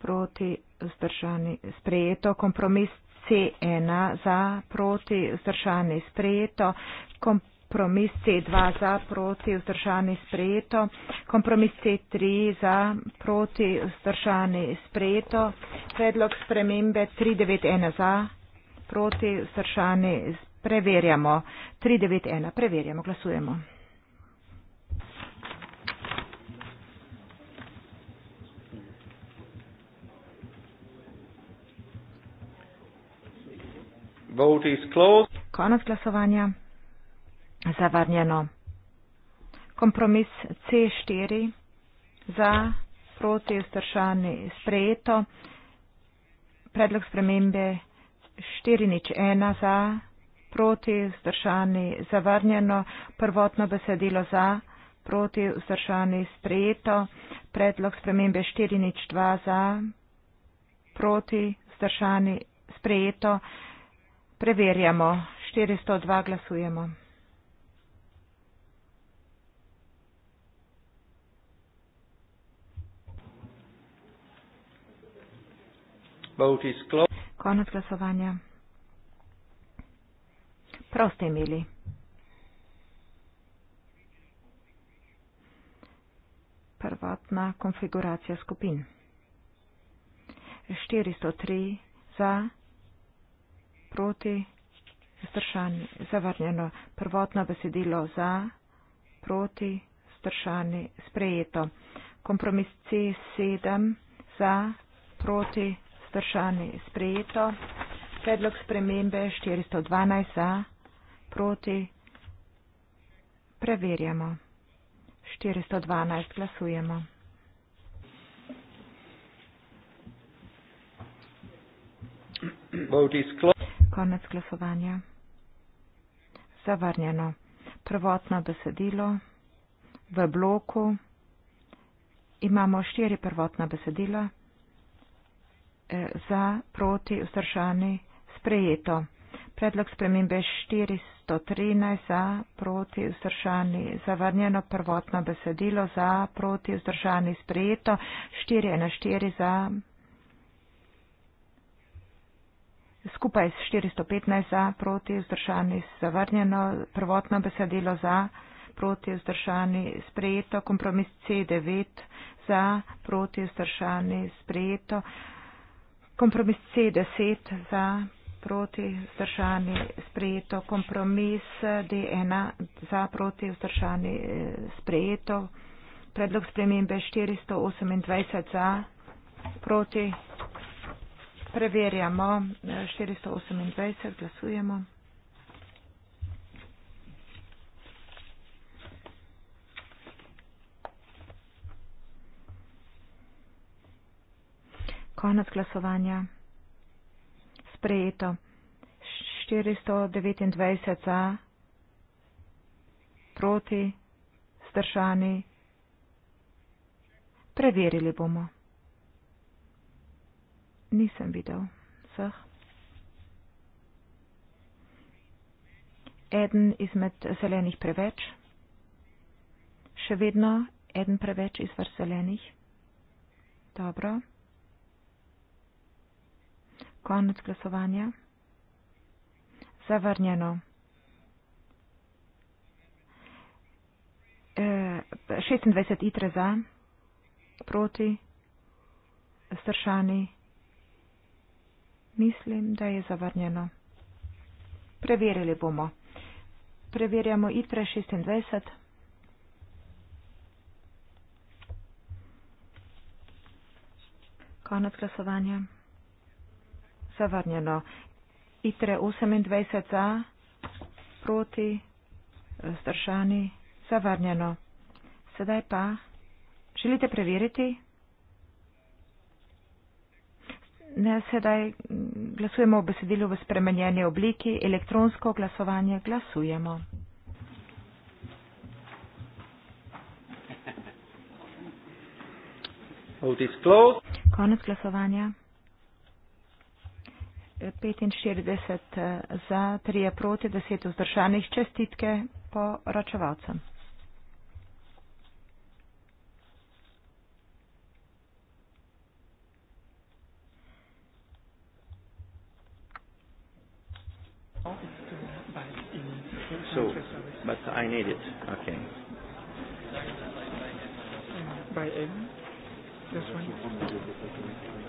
proti vzdržani sprejeto, kompromis C1 za proti vzdržani sprejeto, kompromis C2 za proti vzdržani sprejeto, kompromis C3 za proti vzdržani sprejeto, predlog spremembe 391 za proti vzdržani sprejeto. Preverjamo. 391. Preverjamo. Glasujemo. Konec glasovanja. Zavarnjeno. Kompromis C4 za proti vzdržani sprejeto. Predlog spremembe 4 nič 1 za proti vzdržani zavarnjeno. Prvotno besedilo za proti vzdržani sprejeto. Predlog spremembe 4 nič 2 za proti vzdržani sprejeto. Preverjamo. 402 glasujemo. Konec glasovanja. Proste imeli. Prvotna konfiguracija skupin. 403 za proti, stršani, zavrnjeno. Prvotno besedilo za, proti, stršani, sprejeto. Kompromis C7 za, proti, stršani, sprejeto. Predlog spremembe 412 za, proti, preverjamo. 412 glasujemo. Vote is closed. Konec glasovanja. Zavrnjeno. Prvotno besedilo v bloku. Imamo štiri prvotna besedila. E, za, proti, vzdržani, sprejeto. Predlog spremembe 413 za, proti, vzdržani, zavrnjeno prvotno besedilo za, proti, vzdržani, sprejeto. 414 za. skupaj s 415 za, proti vzdržani zavrnjeno, prvotno besedilo za, proti vzdržani sprejeto, kompromis C9 za, proti vzdržani sprejeto, kompromis C10 za, proti vzdržani sprejeto, kompromis D1 za, proti vzdržani sprejeto, predlog spremembe 428 za, proti vzdržani sprejeto. Preverjamo 428, eh, glasujemo. Konec glasovanja. Sprejeto. 429 za, proti, zdržani. Preverili bomo nisem videl vseh. Eden izmed zelenih preveč, še vedno eden preveč iz vrst zelenih. Dobro. Konec glasovanja. Zavrnjeno. E, 26 itre za, proti, stršani. Mislim, da je zavrnjeno. Preverili bomo. Preverjamo ITRE 26. Konec glasovanja. Zavrnjeno. ITRE 28 za, proti, zdržani. Zavrnjeno. Sedaj pa. Želite preveriti? Ne, sedaj glasujemo o besedilu v spremenjeni obliki, elektronsko glasovanje glasujemo. Konec glasovanja. 45 eh, za, 3 proti, 10 vzdržanih. Čestitke po računalcem. I need it. Okay. By this one.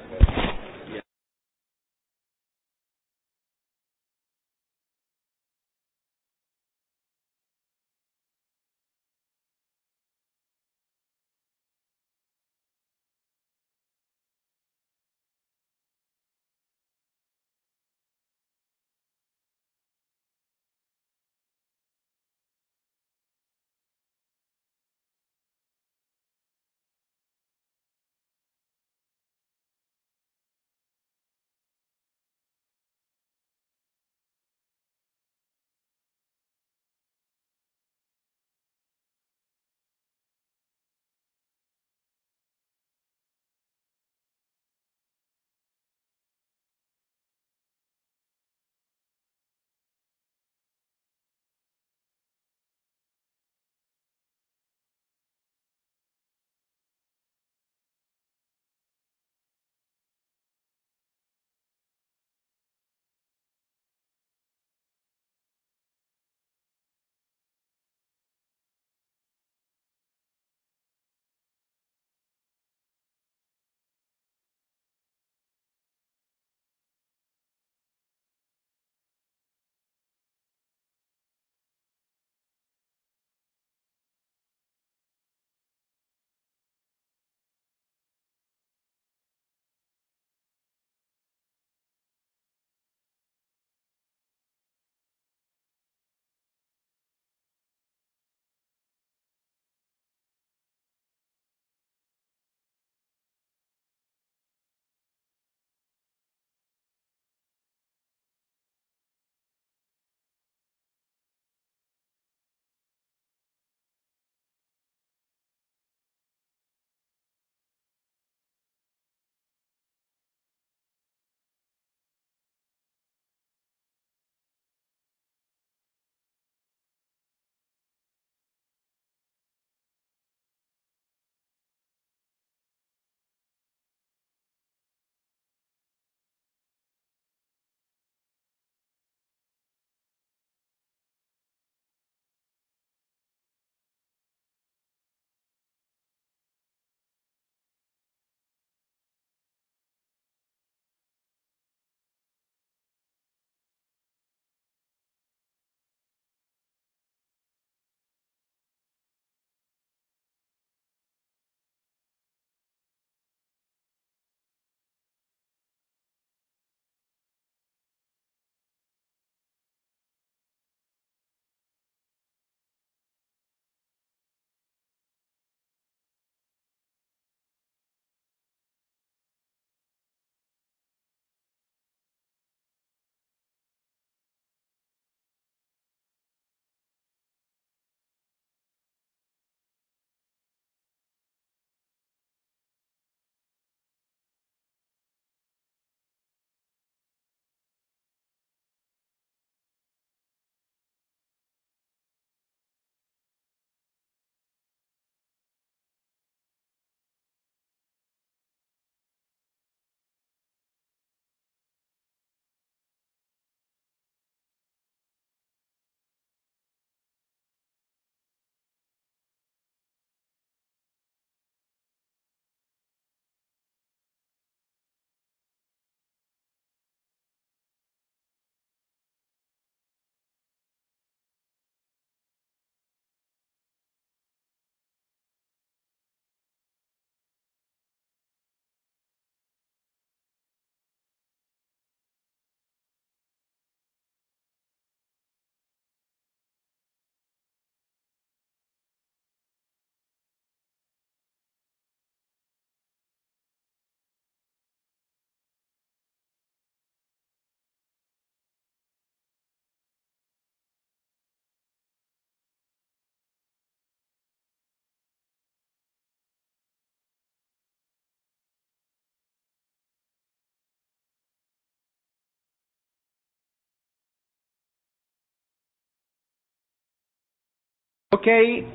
Okay,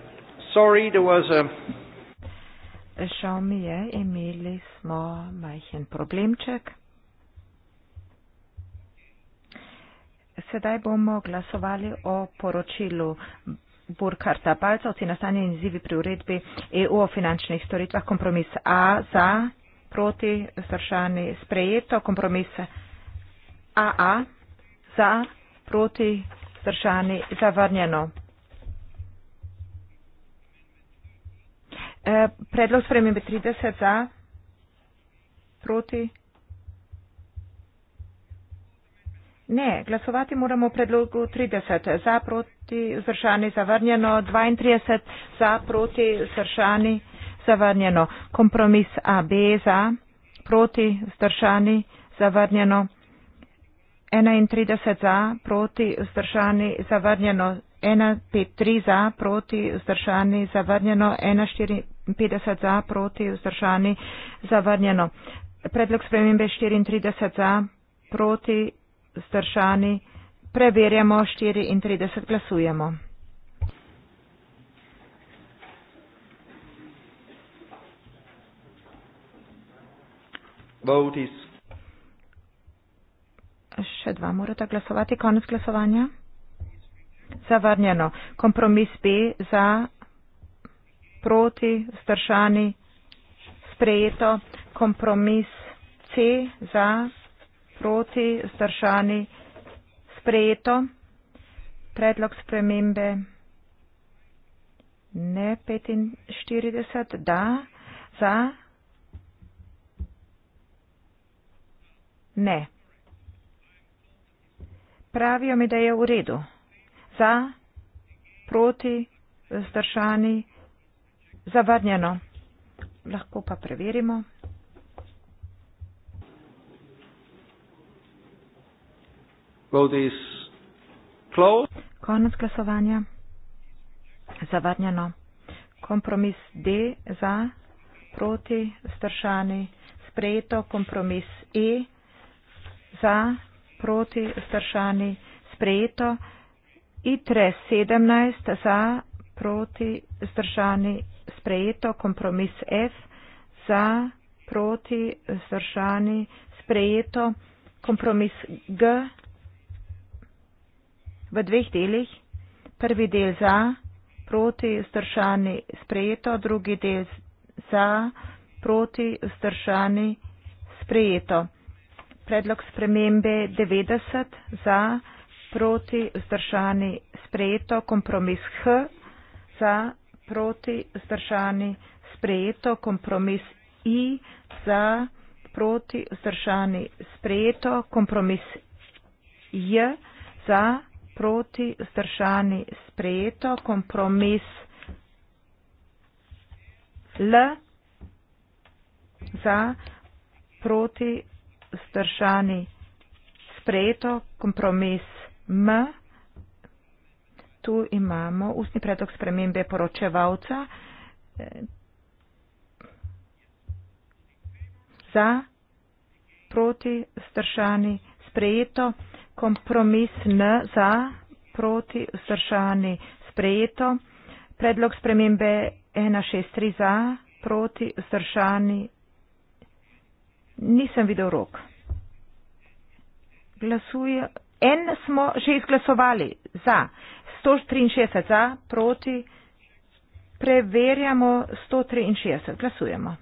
sorry, there was a. Schau mir, Emily, small, mein Problemcheck. Sedaj bomo glasovali o poročilu Burkarta Palca, oceni nastanje in izzivi pri uredbi EU o finančnih storitvah. Kompromis A za, proti, vzdržani, sprejeto. Kompromis AA za, proti, vzdržani, zavrnjeno. E, predlog spremembe 30 za, proti. Ne, glasovati moramo v predlogu 30 za, proti, vzdržani, zavrnjeno, 32 za, proti, vzdržani, zavrnjeno. Kompromis AB za, proti, vzdržani, zavrnjeno. 31 za, proti, vzdržani, zavrnjeno. 153 za, proti, vzdržani, zavrnjeno. 14. 50 za, proti, vzdržani, zavrnjeno. Predlog spremembe 34 za, proti, vzdržani, preverjamo 34 glasujemo. Votis. Še dva morata glasovati. Konec glasovanja? Zavrnjeno. Kompromis B za proti, vzdržani, sprejeto, kompromis C za, proti, vzdržani, sprejeto, predlog spremembe ne 45, da, za, ne. Pravijo mi, da je v redu. Za, proti, vzdržani, sprejeto zavrnjeno. Lahko pa preverimo. Konec glasovanja. Zavrnjeno. Kompromis D za, proti, stršani. Sprejeto. Kompromis E za, proti, stršani. Sprejeto. ITRE 17 za, proti, stršani sprejeto kompromis F, za, proti, zdržani, sprejeto kompromis G v dveh delih. Prvi del za, proti, zdržani, sprejeto, drugi del za, proti, zdržani, sprejeto. Predlog spremembe 90 za, proti, zdržani, sprejeto, kompromis H za, proti, vzdržani, sprejeto, kompromis I za, proti, vzdržani, sprejeto, kompromis J za, proti, vzdržani, sprejeto, kompromis L za, proti, vzdržani, sprejeto, kompromis M tu imamo ustni predlog spremembe poročevalca eh, za, proti, stršani, sprejeto, kompromis N za, proti, stršani, sprejeto, predlog spremembe 163 za, proti, stršani, nisem videl rok. Glasuje. En smo že izglasovali za. 163 za, proti. Preverjamo 163. Glasujemo.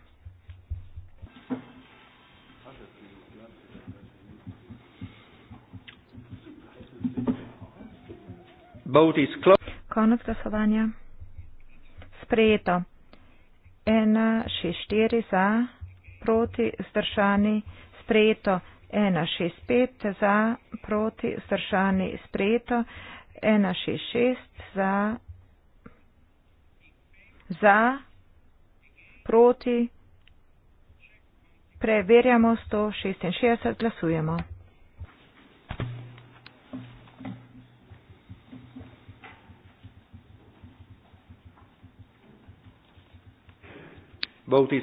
Konec glasovanja. Sprejeto. 164 za, proti, zdržani. Sprejeto. 165 za, proti, zdržani. Sprejeto. 166 za, za, proti, preverjamo 166, glasujemo. Boltis.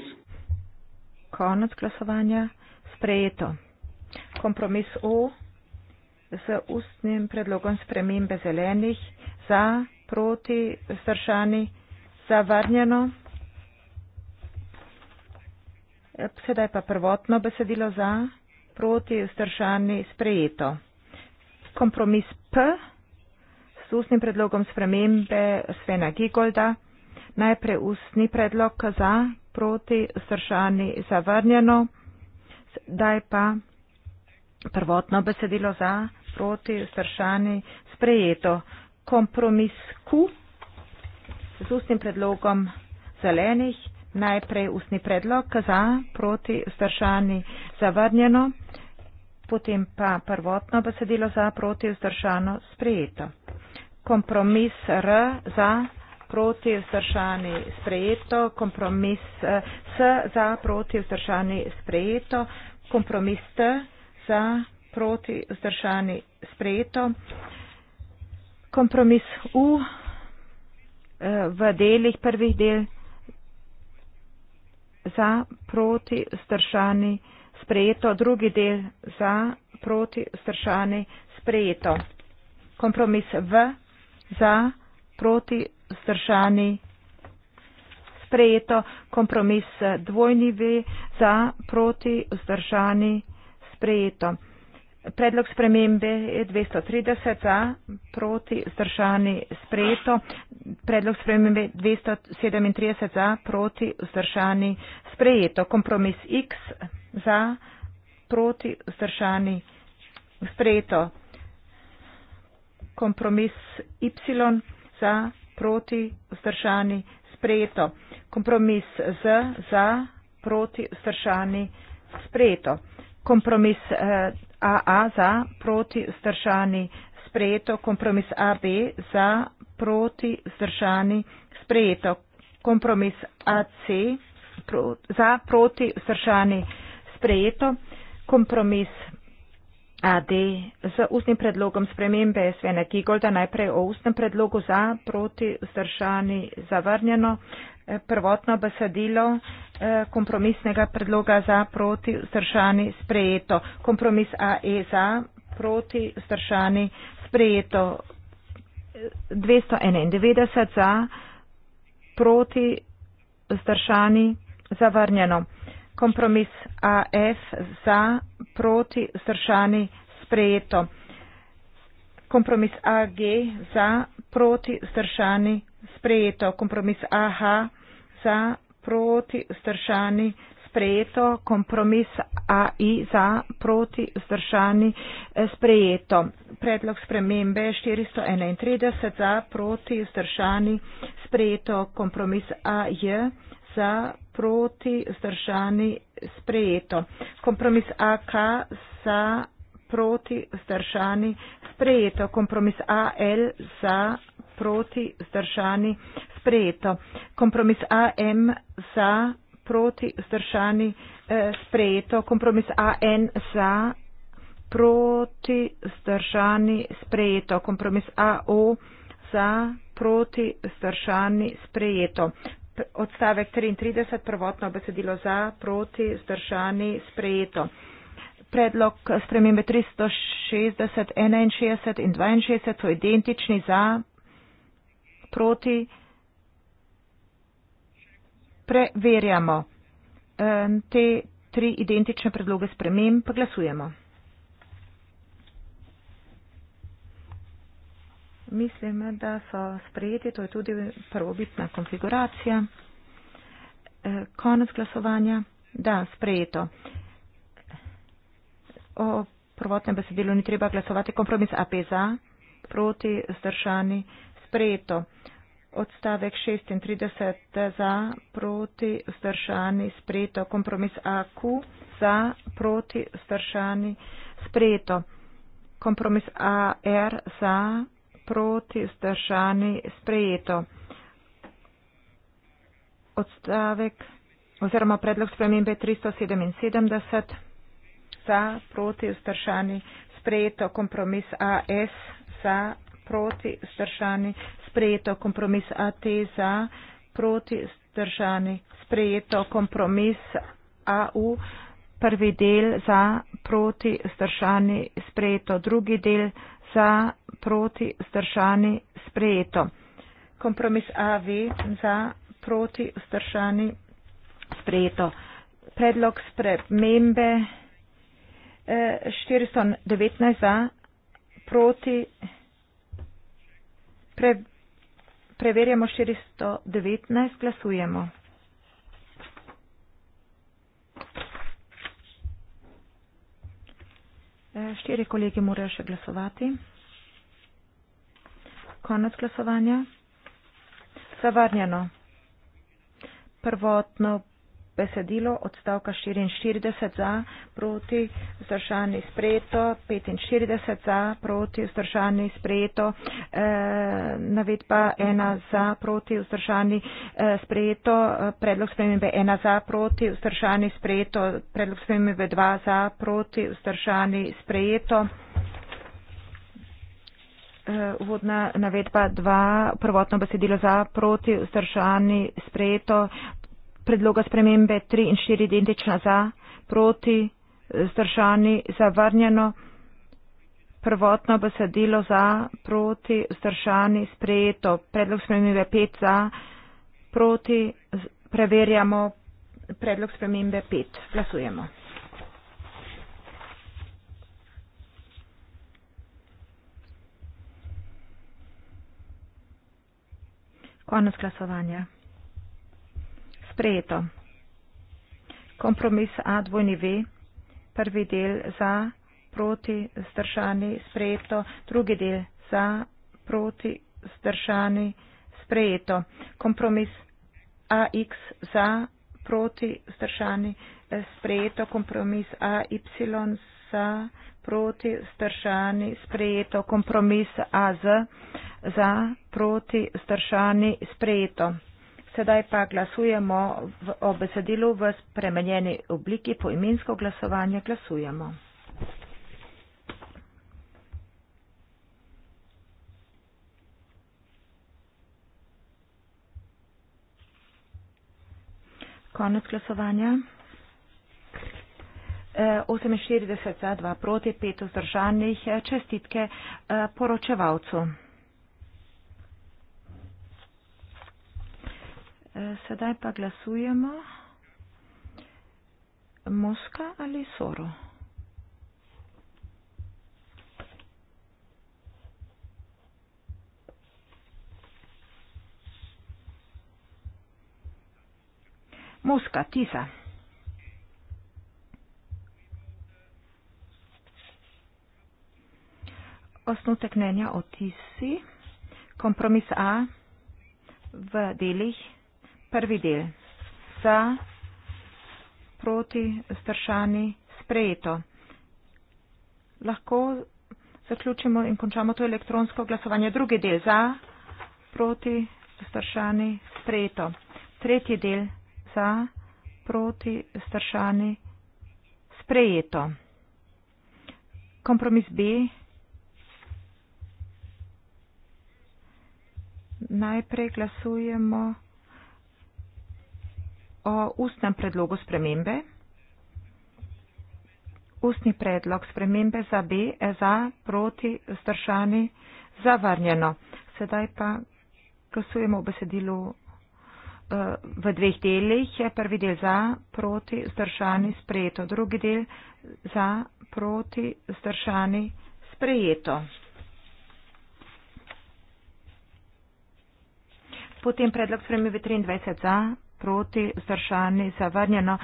Konec glasovanja, sprejeto. Kompromis O z ustnim predlogom spremembe zelenih, za, proti, vzdržani, zavarnjeno. E, sedaj pa prvotno besedilo za, proti, vzdržani, sprejeto. Kompromis P s ustnim predlogom spremembe Svena Gigolda. Najprej ustni predlog za, proti, vzdržani, zavrnjeno. Daj pa prvotno besedilo za, proti, vzdržani, zavrnjeno proti vprašanji sprejeto. Kompromis Q z ustnim predlogom zelenih, najprej ustni predlog za proti vprašanji zavrnjeno, potem pa prvotno besedilo za proti vprašanji sprejeto. Kompromis R za proti vzdržani sprejeto, kompromis eh, S za proti vzdržani sprejeto, kompromis T za proti vzdržani sprejeto. Kompromis U eh, v delih prvih del za proti vzdržani sprejeto, drugi del za proti vzdržani sprejeto. Kompromis V za proti vzdržani sprejeto, kompromis dvojni V za proti vzdržani sprejeto. Predlog spremembe je 230 za, proti vzdržani sprejeto. Predlog spremembe 237 za, proti vzdržani sprejeto. Kompromis X za, proti vzdržani sprejeto. Kompromis Y za, proti vzdržani sprejeto. Kompromis Z za, proti vzdržani sprejeto. Kompromis eh, AA za, proti vzdržani sprejeto, kompromis AB za, proti vzdržani sprejeto, kompromis AC pro, za, proti vzdržani sprejeto, kompromis AD z ustnim predlogom spremembe Svena Gigolda, najprej o ustnem predlogu za, proti, vzdržani, zavrnjeno, e, prvotno besedilo e, kompromisnega predloga za, proti, vzdržani, sprejeto, kompromis AE za, proti, vzdržani, sprejeto, 291 za, proti, vzdržani, zavrnjeno kompromis AF za, proti, vzdržani, sprejeto. Kompromis AG za, proti, vzdržani, sprejeto. Kompromis AH za, proti, vzdržani, sprejeto. Kompromis AI za, proti, vzdržani, eh, sprejeto. Predlog spremembe 431 za, proti, vzdržani, sprejeto. Kompromis AJ za, proti, vzdržani, sprejeto. Kompromis AK za, proti, vzdržani, sprejeto. Kompromis AL za, proti, vzdržani, sprejeto. Kompromis AM za, proti, vzdržani, eh, sprejeto. Kompromis AN za, proti, vzdržani, sprejeto. Kompromis AO za, proti, vzdržani, sprejeto odstavek 33, prvotno besedilo za, proti, zdržani, sprejeto. Predlog spremembe 360, 61 in 62 so identični za, proti. Preverjamo ehm, te tri identične predloge sprememb, pa glasujemo. mislim, da so sprejeti, to je tudi prvobitna konfiguracija. Eh, konec glasovanja. Da, sprejeto. O prvotnem besedilu ni treba glasovati. Kompromis AP za, proti, zdržani, sprejeto. Odstavek 36 za, proti, zdržani, sprejeto. Kompromis AQ za, proti, zdržani, sprejeto. Kompromis AR za, proti, zdržani proti vzdržani sprejeto. Odstavek oziroma predlog spremembe 377 za proti vzdržani sprejeto kompromis AS za proti vzdržani sprejeto kompromis AT za proti vzdržani sprejeto kompromis AU prvi del za proti vzdržani sprejeto drugi del za proti vzdržani sprejeto. Kompromis AV za proti vzdržani sprejeto. Predlog spremembe 419 eh, za proti. Pre, preverjamo 419, glasujemo. Eh, štiri kolegi morajo še glasovati. Konec glasovanja. Zavarnjeno. Prvotno besedilo odstavka 44 za, proti, vzdržani sprejeto, 45 za, proti, vzdržani sprejeto, eh, navedba ena za, proti, vzdržani eh, sprejeto, predlog spremembe ena za, proti, vzdržani sprejeto, predlog spremembe dva za, proti, vzdržani sprejeto. E, uvodna navedba 2, prvotno besedilo za, proti, vzdržani, sprejeto, predloga spremembe 3 in 4 identična za, proti, zdržani, zavrnjeno, prvotno besedilo za, proti, zdržani, sprejeto, predlog spremembe 5 za, proti, preverjamo predlog spremembe 5. Glasujemo. Konec glasovanja sprejeto. Kompromis A dvojni V, prvi del za, proti, zdržani, sprejeto, drugi del za, proti, zdržani, sprejeto. Kompromis AX za, proti, zdržani, sprejeto. Kompromis AY za, proti, zdržani, sprejeto. Kompromis AZ za, proti, zdržani, sprejeto. Sedaj pa glasujemo v, o besedilu v spremenjeni obliki po imensko glasovanje. Glasujemo. Konec glasovanja. 48 e, za 2 proti 5 vzdržanih e, čestitke e, poročevalcu. E, sedaj pa glasujemo Moska ali Soro. Moska, Tisa. Osnutek mnenja o Tisi. Kompromis A v delih. Prvi del. Za, proti, stršani, sprejeto. Lahko zaključimo in končamo to elektronsko glasovanje. Drugi del. Za, proti, stršani, sprejeto. Tretji del. Za, proti, stršani, sprejeto. Kompromis B. Najprej glasujemo o ustnem predlogu spremembe. Ustni predlog spremembe za B, za, proti, zdržani, zavrnjeno. Sedaj pa glasujemo v besedilu eh, v dveh delih. Je prvi del za, proti, zdržani, sprejeto. Drugi del za, proti, zdržani, sprejeto. Potem predlog spremembe 23 za, proti, vzdržani, zavrnjeno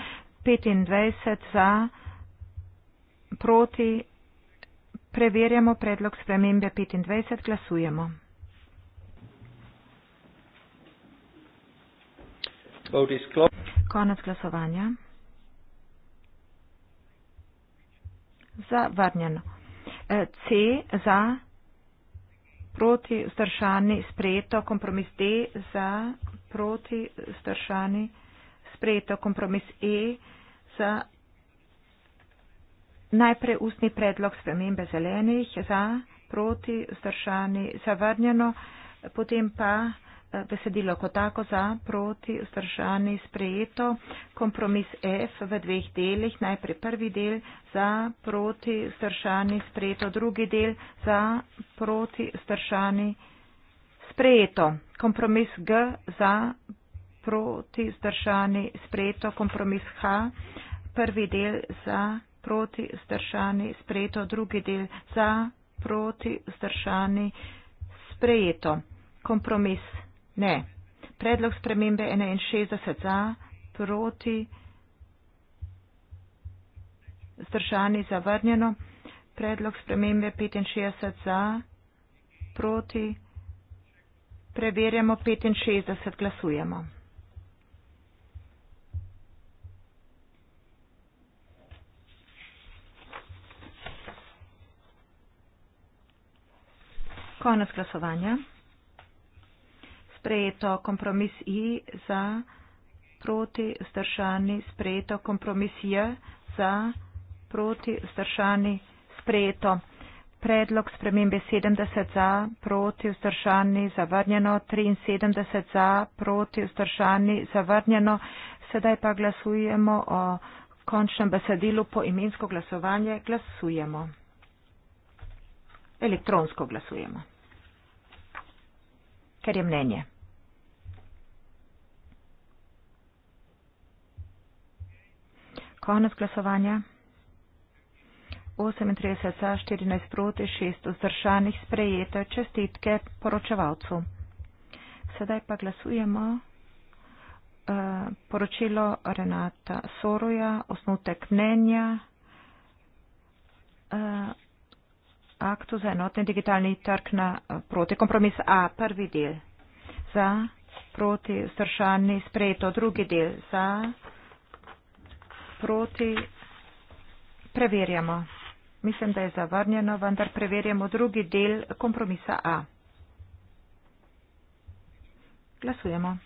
25 za, proti, preverjamo predlog spremembe 25, glasujemo. Konec glasovanja. Zavrnjeno. Eh, C za, proti, vzdržani, sprejeto, kompromis D za, proti stršani sprejeto kompromis E za najprej ustni predlog spremembe zelenih za proti stršani zavrnjeno, potem pa eh, besedilo kot tako za proti stršani sprejeto kompromis F v dveh delih, najprej prvi del za proti stršani sprejeto drugi del za proti stršani sprejeto sprejeto. Kompromis G za proti zdržani sprejeto. Kompromis H prvi del za proti zdržani sprejeto. Drugi del za proti zdržani sprejeto. Kompromis ne. Predlog spremembe 61 za proti zdržani zavrnjeno. Predlog spremembe 65 za proti zdržani. Preverjamo 65, glasujemo. Konec glasovanja. Sprejeto kompromis I za, proti, zdržani, sprejeto kompromis J za, proti, zdržani, sprejeto predlog spremembe 70 za, proti vzdržani, zavrnjeno, 73 za, proti vzdržani, zavrnjeno. Sedaj pa glasujemo o končnem besedilu po imensko glasovanje. Glasujemo. Elektronsko glasujemo. Ker je mnenje. Konec glasovanja. 38 za, 14 proti, 6 vzdržanih sprejete čestitke poročevalcu. Sedaj pa glasujemo uh, poročilo Renata Soruja, osnutek mnenja, uh, aktu za enotni digitalni trg na uh, proti kompromis A, prvi del za, proti vzdržani sprejeto, drugi del za, proti preverjamo. Mislim, da je zavrnjeno, vendar preverjamo drugi del kompromisa A. Glasujemo.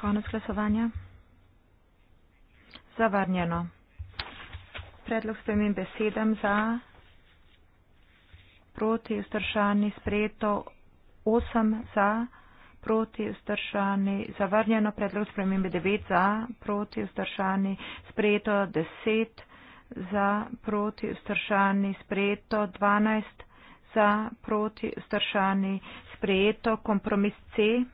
Konec glasovanja. Zavrnjeno. Predlog spremim besedam za proti vzdržani sprejeto 8 za proti vzdržani, zavrnjeno predlog spremembe 9 za, proti vzdržani, sprejeto 10 za, proti vzdržani, sprejeto 12 za, proti vzdržani, sprejeto kompromis C.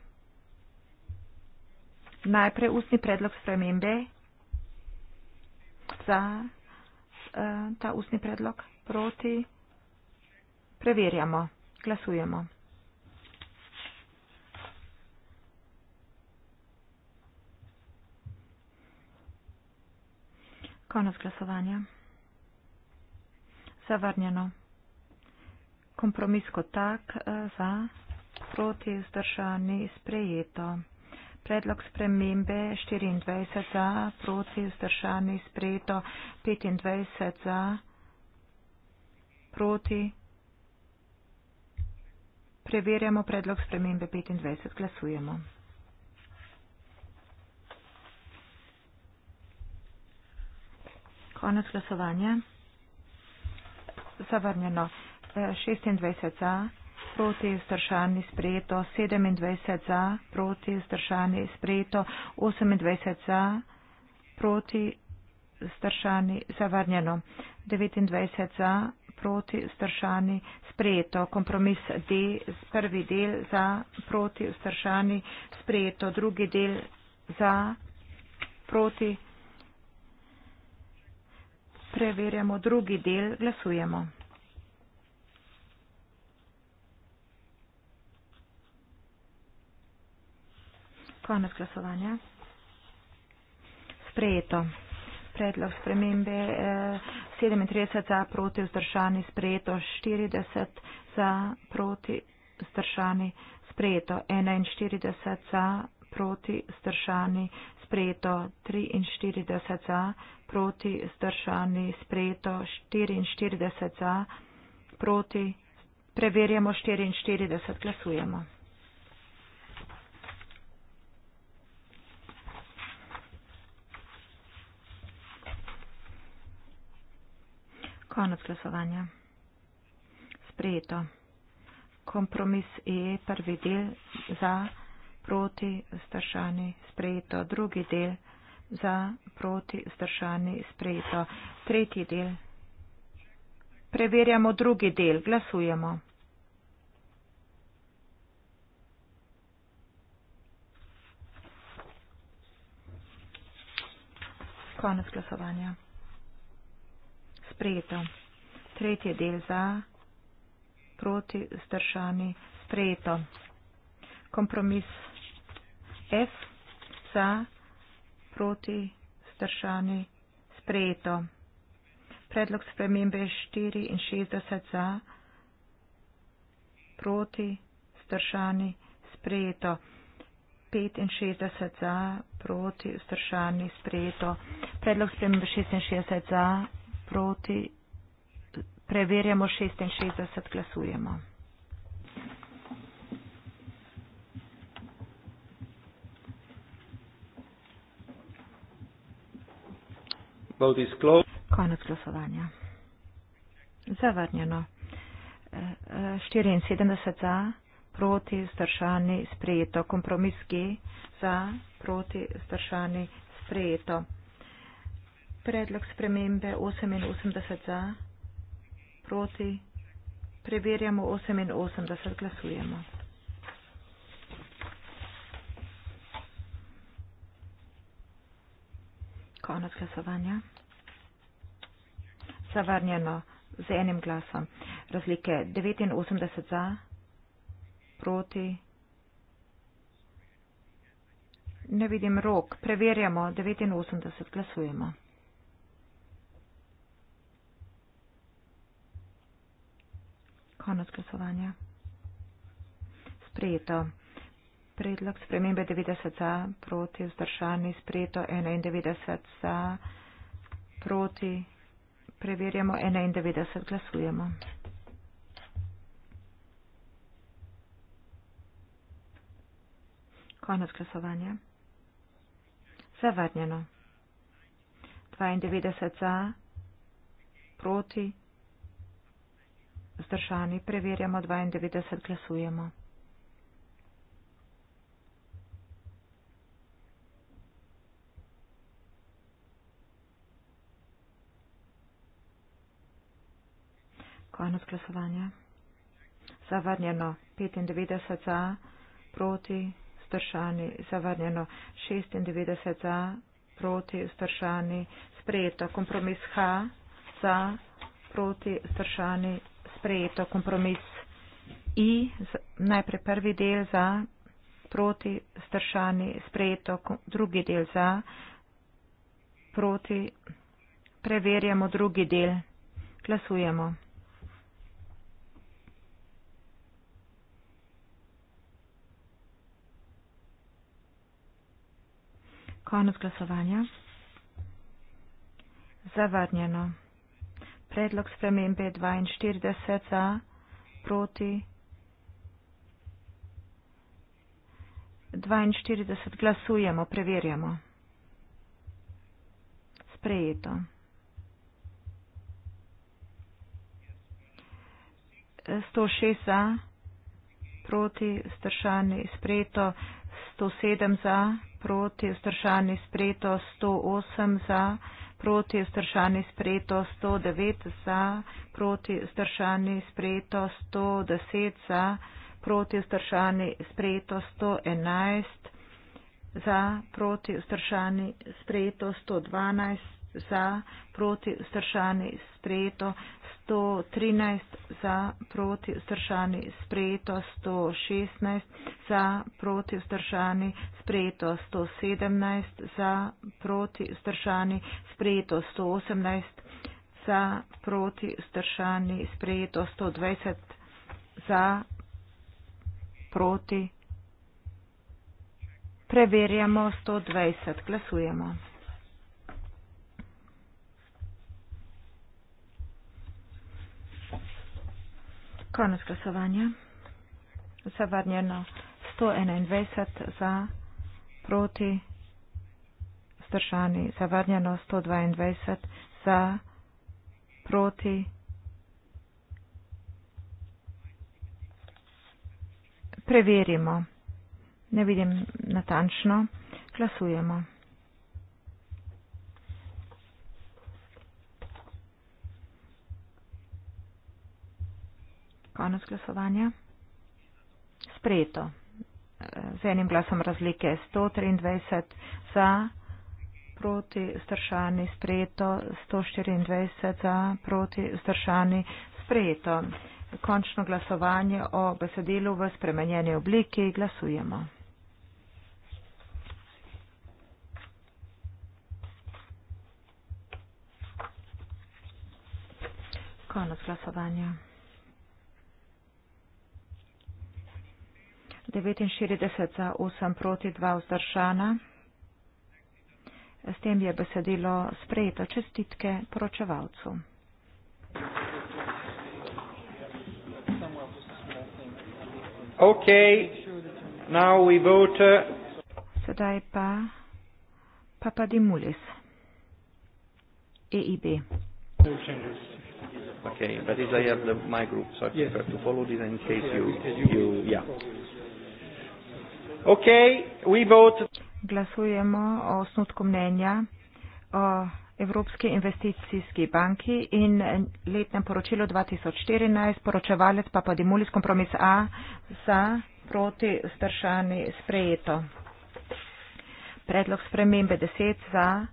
Najprej ustni predlog spremembe za eh, ta ustni predlog proti. Preverjamo. Glasujemo. Konec glasovanja. Zavrnjeno. Kompromis kot tak eh, za proti vzdržani sprejeto. Predlog spremembe 24 za proti vzdržani sprejeto 25 za proti. Preverjamo predlog spremembe 25. Glasujemo. Konec glasovanja. Zavrnjeno. 26 e, za, proti vzdržani sprejeto, 27 za, proti vzdržani sprejeto, 28 za, proti vzdržani zavrnjeno, 29 za, proti vzdržani sprejeto, kompromis D, prvi del za, proti vzdržani sprejeto, drugi del za, proti vzdržani sprejeto. Preverjamo drugi del, glasujemo. Konec glasovanja. Sprejeto. Predlog spremembe 37 eh, za proti vzdržani, sprejeto 40 za proti vzdržani, sprejeto 41 za proti vzdržani, sprejeto 43 za, proti zdržani sprejeto 44 za, proti preverjamo 44 glasujemo. Konec glasovanja. Sprejeto. Kompromis E, prvi del za proti vzdržani sprejeto, drugi del za proti vzdržani sprejeto, tretji del. Preverjamo drugi del, glasujemo. Konec glasovanja. Sprejeto. Tretji del za, proti, zdržani, sprejeto kompromis F za proti stršani sprejeto. Predlog spremembe 64 za proti stršani sprejeto. 65 za proti stršani sprejeto. Predlog spremembe 66 za proti. Preverjamo 66, glasujemo. Konec glasovanja. Zavrnjeno. 74 za, proti zdržani sprejeto. Kompromis G za, proti zdržani sprejeto. Predlog spremembe 88 za, proti. Preverjamo 88, glasujemo. konec glasovanja. Zavrnjeno z enim glasom. Razlike 89 za, proti. Ne vidim rok. Preverjamo 89 glasujemo. Konec glasovanja. Sprejeto predlog spremembe 90 za proti vzdržani sprejeto 91 za proti. Preverjamo 91, glasujemo. Konec glasovanja. Zavrnjeno. 92 za, proti, zdržani. Preverjamo 92, glasujemo. Konec glasovanja. Zavrnjeno 95 za, proti stršani, zavrnjeno 96 za, proti stršani, sprejeto kompromis H za, proti stršani, sprejeto kompromis I, najprej prvi del za, proti stršani, sprejeto drugi del za, proti, preverjamo drugi del, glasujemo. Konec glasovanja. Zavrnjeno. Predlog spremembe 42 za, proti 42. Glasujemo, preverjamo. Sprejeto. sto šest za proti stršani sprejeto sto sedem za proti vzdržani sprejeto 108 za, proti vzdržani sprejeto 109 za, proti vzdržani sprejeto 110 za, proti vzdržani sprejeto 111 za, proti vzdržani sprejeto 112 za, proti vzdržani sprejeto 113 za proti vzdržani sprejeto, 116 za proti vzdržani sprejeto, 117 za proti vzdržani sprejeto, 118 za proti vzdržani sprejeto, 120 za proti. Preverjamo 120. Glasujemo. Konec glasovanja. Zavrnjeno 121 za, proti, vzdržani. Zavrnjeno 122 za, proti, preverimo. Ne vidim natančno. Glasujemo. Konec glasovanja. Sprejeto. Z enim glasom razlike 123 za, proti vzdržani sprejeto, 124 za, proti vzdržani sprejeto. Končno glasovanje o besedilu v spremenjeni obliki. Glasujemo. Konec glasovanja. 49 za 8 proti 2 vzdržana. S tem je besedilo sprejeto čestitke poročevalcu. Okay. Now we vote. Uh, Sedaj pa Papadimulis, EIB. Okay, but is I have the, my group, so I prefer yes. to follow this in case you, you, yeah. Okay, Glasujemo o osnutku mnenja o Evropski investicijski banki in letnem poročilu 2014, poročevalec pa pa Dimulis kompromis A za proti stršani sprejeto. Predlog spremembe 10 za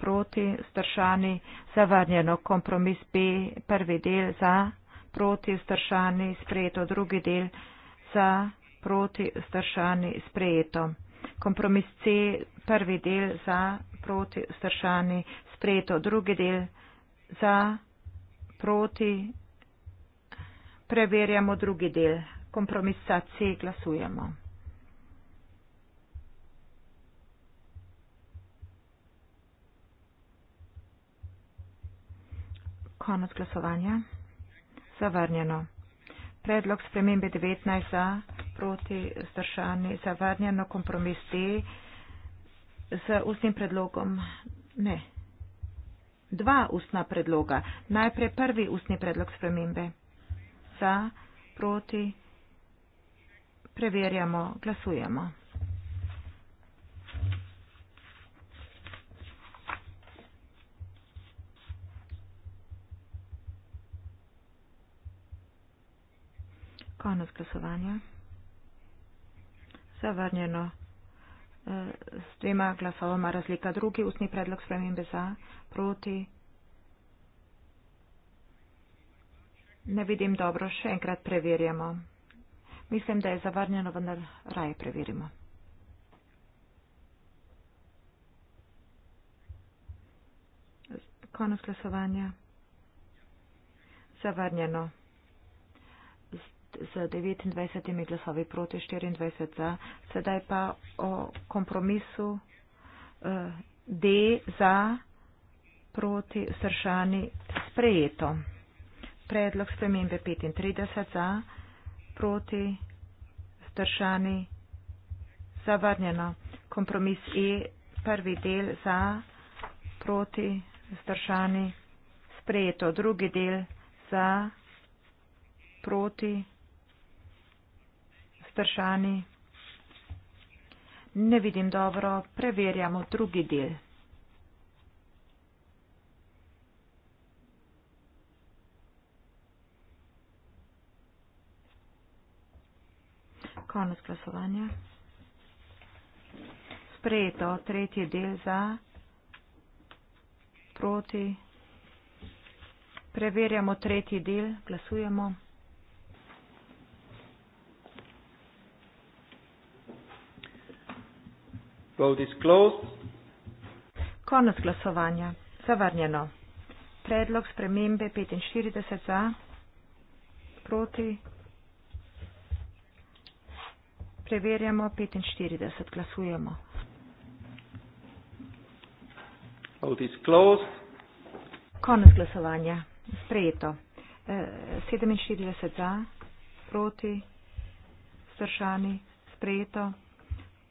proti stršani zavrnjeno. Kompromis B prvi del za proti stršani sprejeto drugi del za proti vzdržani sprejeto. Kompromis C, prvi del za proti vzdržani sprejeto, drugi del za proti. Preverjamo drugi del. Kompromis za C glasujemo. Konec glasovanja. Zavrnjeno. Predlog spremembe 19 za proti vzdržani zavarnjeno kompromis D z ustnim predlogom? Ne. Dva ustna predloga. Najprej prvi ustni predlog spremembe. Za, proti, preverjamo, glasujemo. Konec glasovanja. Zavrnjeno. E, s dvema glasovoma razlika. Drugi ustni predlog spremembe za, proti. Ne vidim dobro, še enkrat preverjamo. Mislim, da je zavrnjeno, vendar raje preverimo. Konec glasovanja. Zavrnjeno z 29 glasovi proti 24 za. Sedaj pa o kompromisu eh, D za proti sršani sprejeto. Predlog spremembe 35 za proti sršani zavrnjeno. Kompromis E prvi del za proti sršani sprejeto. Drugi del za proti sršani vprašanji? Ne vidim dobro, preverjamo drugi del. Konec glasovanja. Sprejeto tretji del za, proti. Preverjamo tretji del, glasujemo. Vote is closed. Konec glasovanja. Zavrnjeno. Predlog spremembe 45 za. Proti. Preverjamo 45. Glasujemo. Vote is closed. Konec glasovanja. Sprejeto. 47 eh, za. Proti. Stršani. Sprejeto.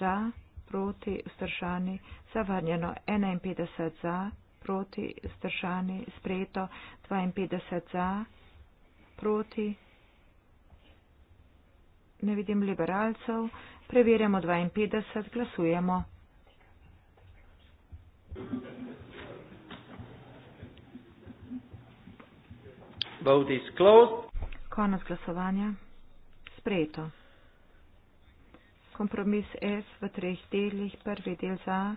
za, proti, vzdržani, zavrnjeno 51 za, proti, vzdržani, sprejeto 52 za, proti, ne vidim liberalcev, preverjamo 52, glasujemo. Vote is closed. Konec glasovanja. Sprejeto kompromis F v treh delih, prvi del za,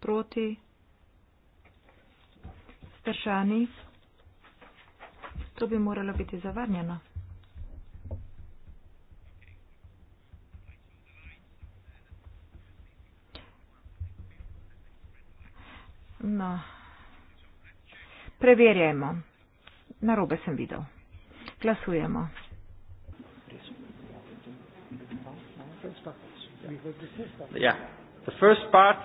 proti, stržani. To bi moralo biti zavarnjeno. No, preverjajmo. Narobe sem videl. Glasujemo. Yeah. Part,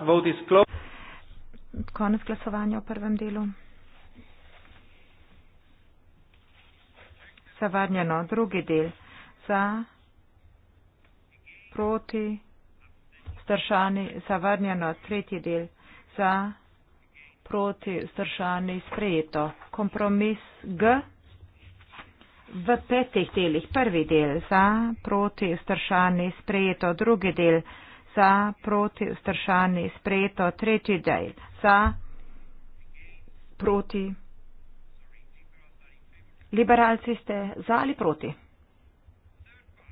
Konec glasovanja o prvem delu. Zavarnjeno, drugi del. Za, proti, stršani, zavarnjeno, tretji del. Za, proti, stršani, sprejeto. Kompromis G v petih delih. Prvi del za proti ustršani sprejeto, drugi del za proti ustršani sprejeto, tretji del za proti. Liberalci ste za ali proti?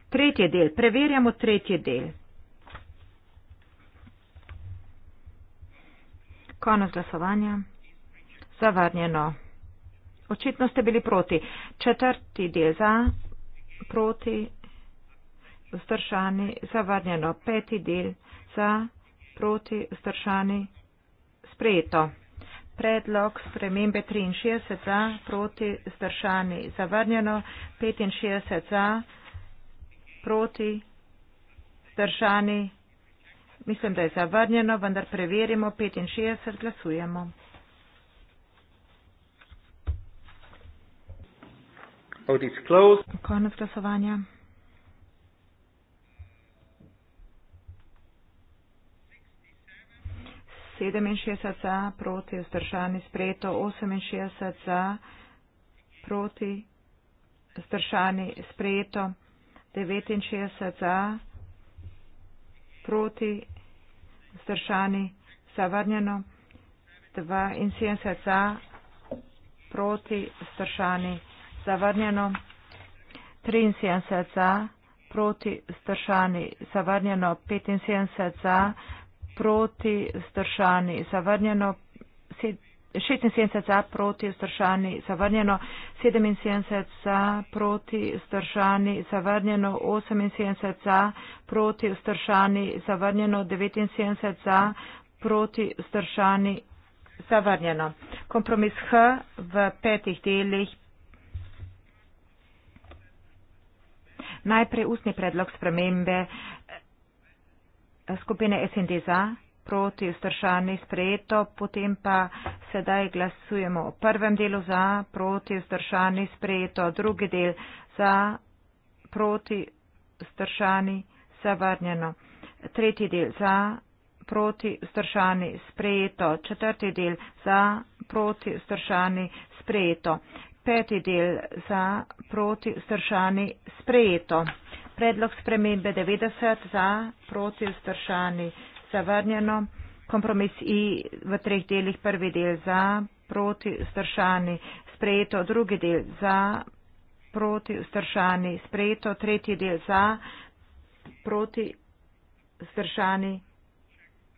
Tretji del, preverjamo tretji del. Konec glasovanja. Zavarnjeno. Očitno ste bili proti. Četrti del za, proti, vzdržani, zavrnjeno. Peti del za, proti, vzdržani, sprejeto. Predlog spremembe 63 za, proti, vzdržani, zavrnjeno. 65 za, proti, vzdržani. Mislim, da je zavrnjeno, vendar preverimo. 65 glasujemo. Konec glasovanja. Sedeminšestdeset za, proti vzdržani sprejeto, oseminšestdeset za, proti vzdržani sprejeto, devetinšestdeset za, proti vzdržani zavrnjeno, dvainsedemdeset za, proti vzdržani zavrnjeno, 73 za, proti stršani zavrnjeno, 75 za, proti stršani zavrnjeno, 76 za, proti stršani zavrnjeno, 77 za, proti stršani zavrnjeno, 78 za, proti stršani zavrnjeno, 79 za, proti stršani zavrnjeno. Kompromis H v petih delih Najprej ustni predlog spremembe eh, skupine SND za proti vzdržani sprejeto, potem pa sedaj glasujemo o prvem delu za proti vzdržani sprejeto, drugi del za proti vzdržani zavrnjeno, tretji del za proti vzdržani sprejeto, četrti del za proti vzdržani sprejeto peti del za proti vzdržani sprejeto. Predlog spremembe 90 za proti vzdržani zavrnjeno. Kompromis I v treh delih prvi del za proti vzdržani sprejeto, drugi del za proti vzdržani sprejeto, tretji del za proti vzdržani.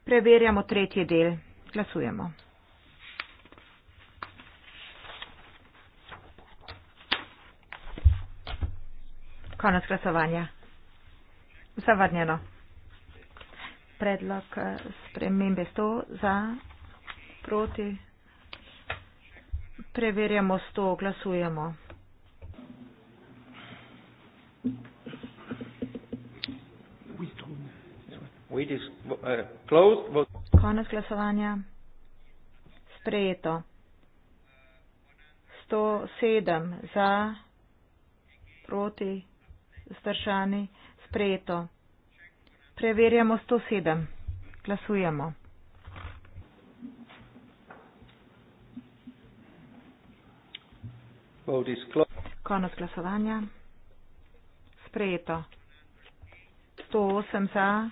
Preverjamo tretji del. Glasujemo. Konec glasovanja. Zavadnjeno. Predlog eh, spremembe 100 za proti. Preverjamo 100, glasujemo. Eh, Konec glasovanja. Sprejeto. 107 za proti vzdržani, sprejeto. Preverjamo 107. Glasujemo. Konec glasovanja. Sprejeto. 108 za,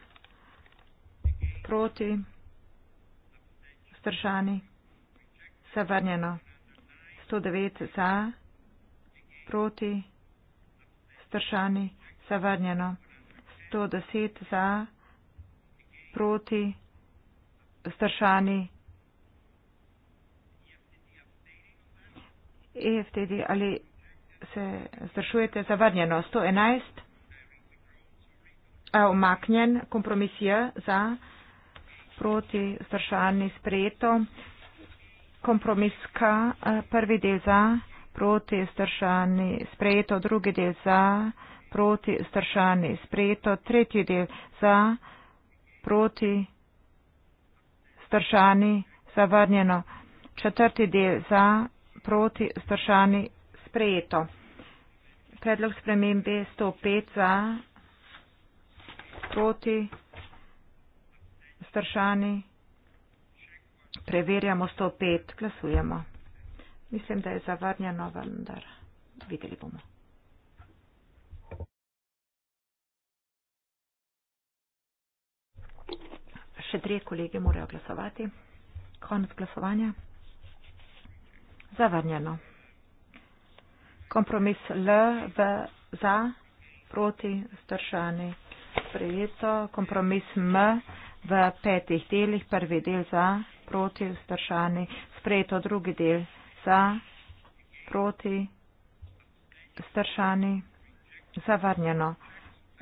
proti, vzdržani, zavrnjeno. 109 za, proti, vzdržani vzdržani, zavrnjeno. 110 za, proti, vzdržani. EFTD ali se vzdržujete zavrnjeno. 111 a, umaknjen, kompromisija za, proti, vzdržani, sprejeto. Kompromiska, prvi del za proti staršani, sprejeto drugi del za, proti staršani, sprejeto tretji del za, proti staršani, zavrnjeno, četrti del za, proti staršani, sprejeto. Predlog spremembe 105 za, proti staršani, preverjamo 105, glasujemo. Mislim, da je zavrnjeno, vendar videli bomo. Še tri kolege morajo glasovati. Konec glasovanja. Zavrnjeno. Kompromis L v za, proti, vzdržani, sprejeto. Kompromis M v petih delih, prvi del za, proti, vzdržani, sprejeto, drugi del za, proti, stršani, zavrnjeno.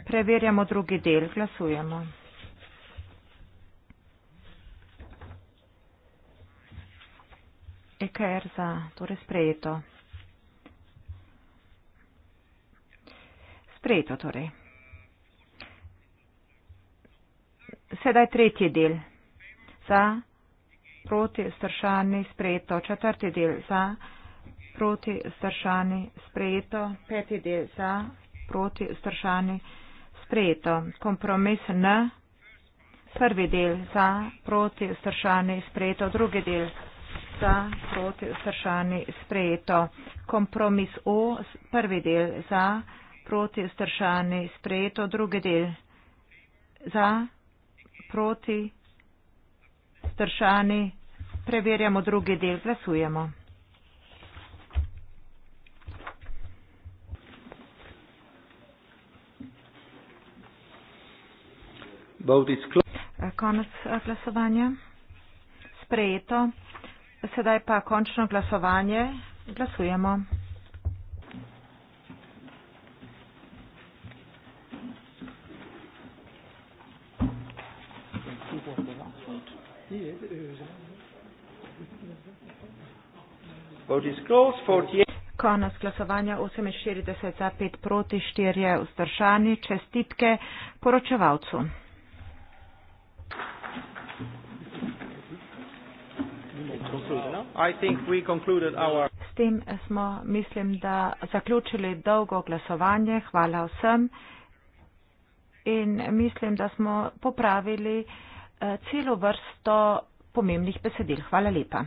Preverjamo drugi del, glasujemo. EKR za, torej sprejeto. Sprejeto torej. Sedaj tretji del. Za, proti stršani sprejeto, četrti del za, proti stršani sprejeto, peti del za, proti stršani sprejeto. Kompromis N, prvi del za, proti stršani sprejeto, drugi del za, proti stršani sprejeto. Kompromis O, prvi del za, proti stršani sprejeto, drugi del za, proti vzdržani. Preverjamo drugi del. Glasujemo. Konec eh, glasovanja. Sprejeto. Sedaj pa končno glasovanje. Glasujemo. Konec glasovanja 48 za 5 proti 4 je vzdržani. Čestitke poročevalcu. S tem smo, mislim, da zaključili dolgo glasovanje. Hvala vsem. In mislim, da smo popravili. Eh, celo vrsto pomembnih besedil. Hvala lepa.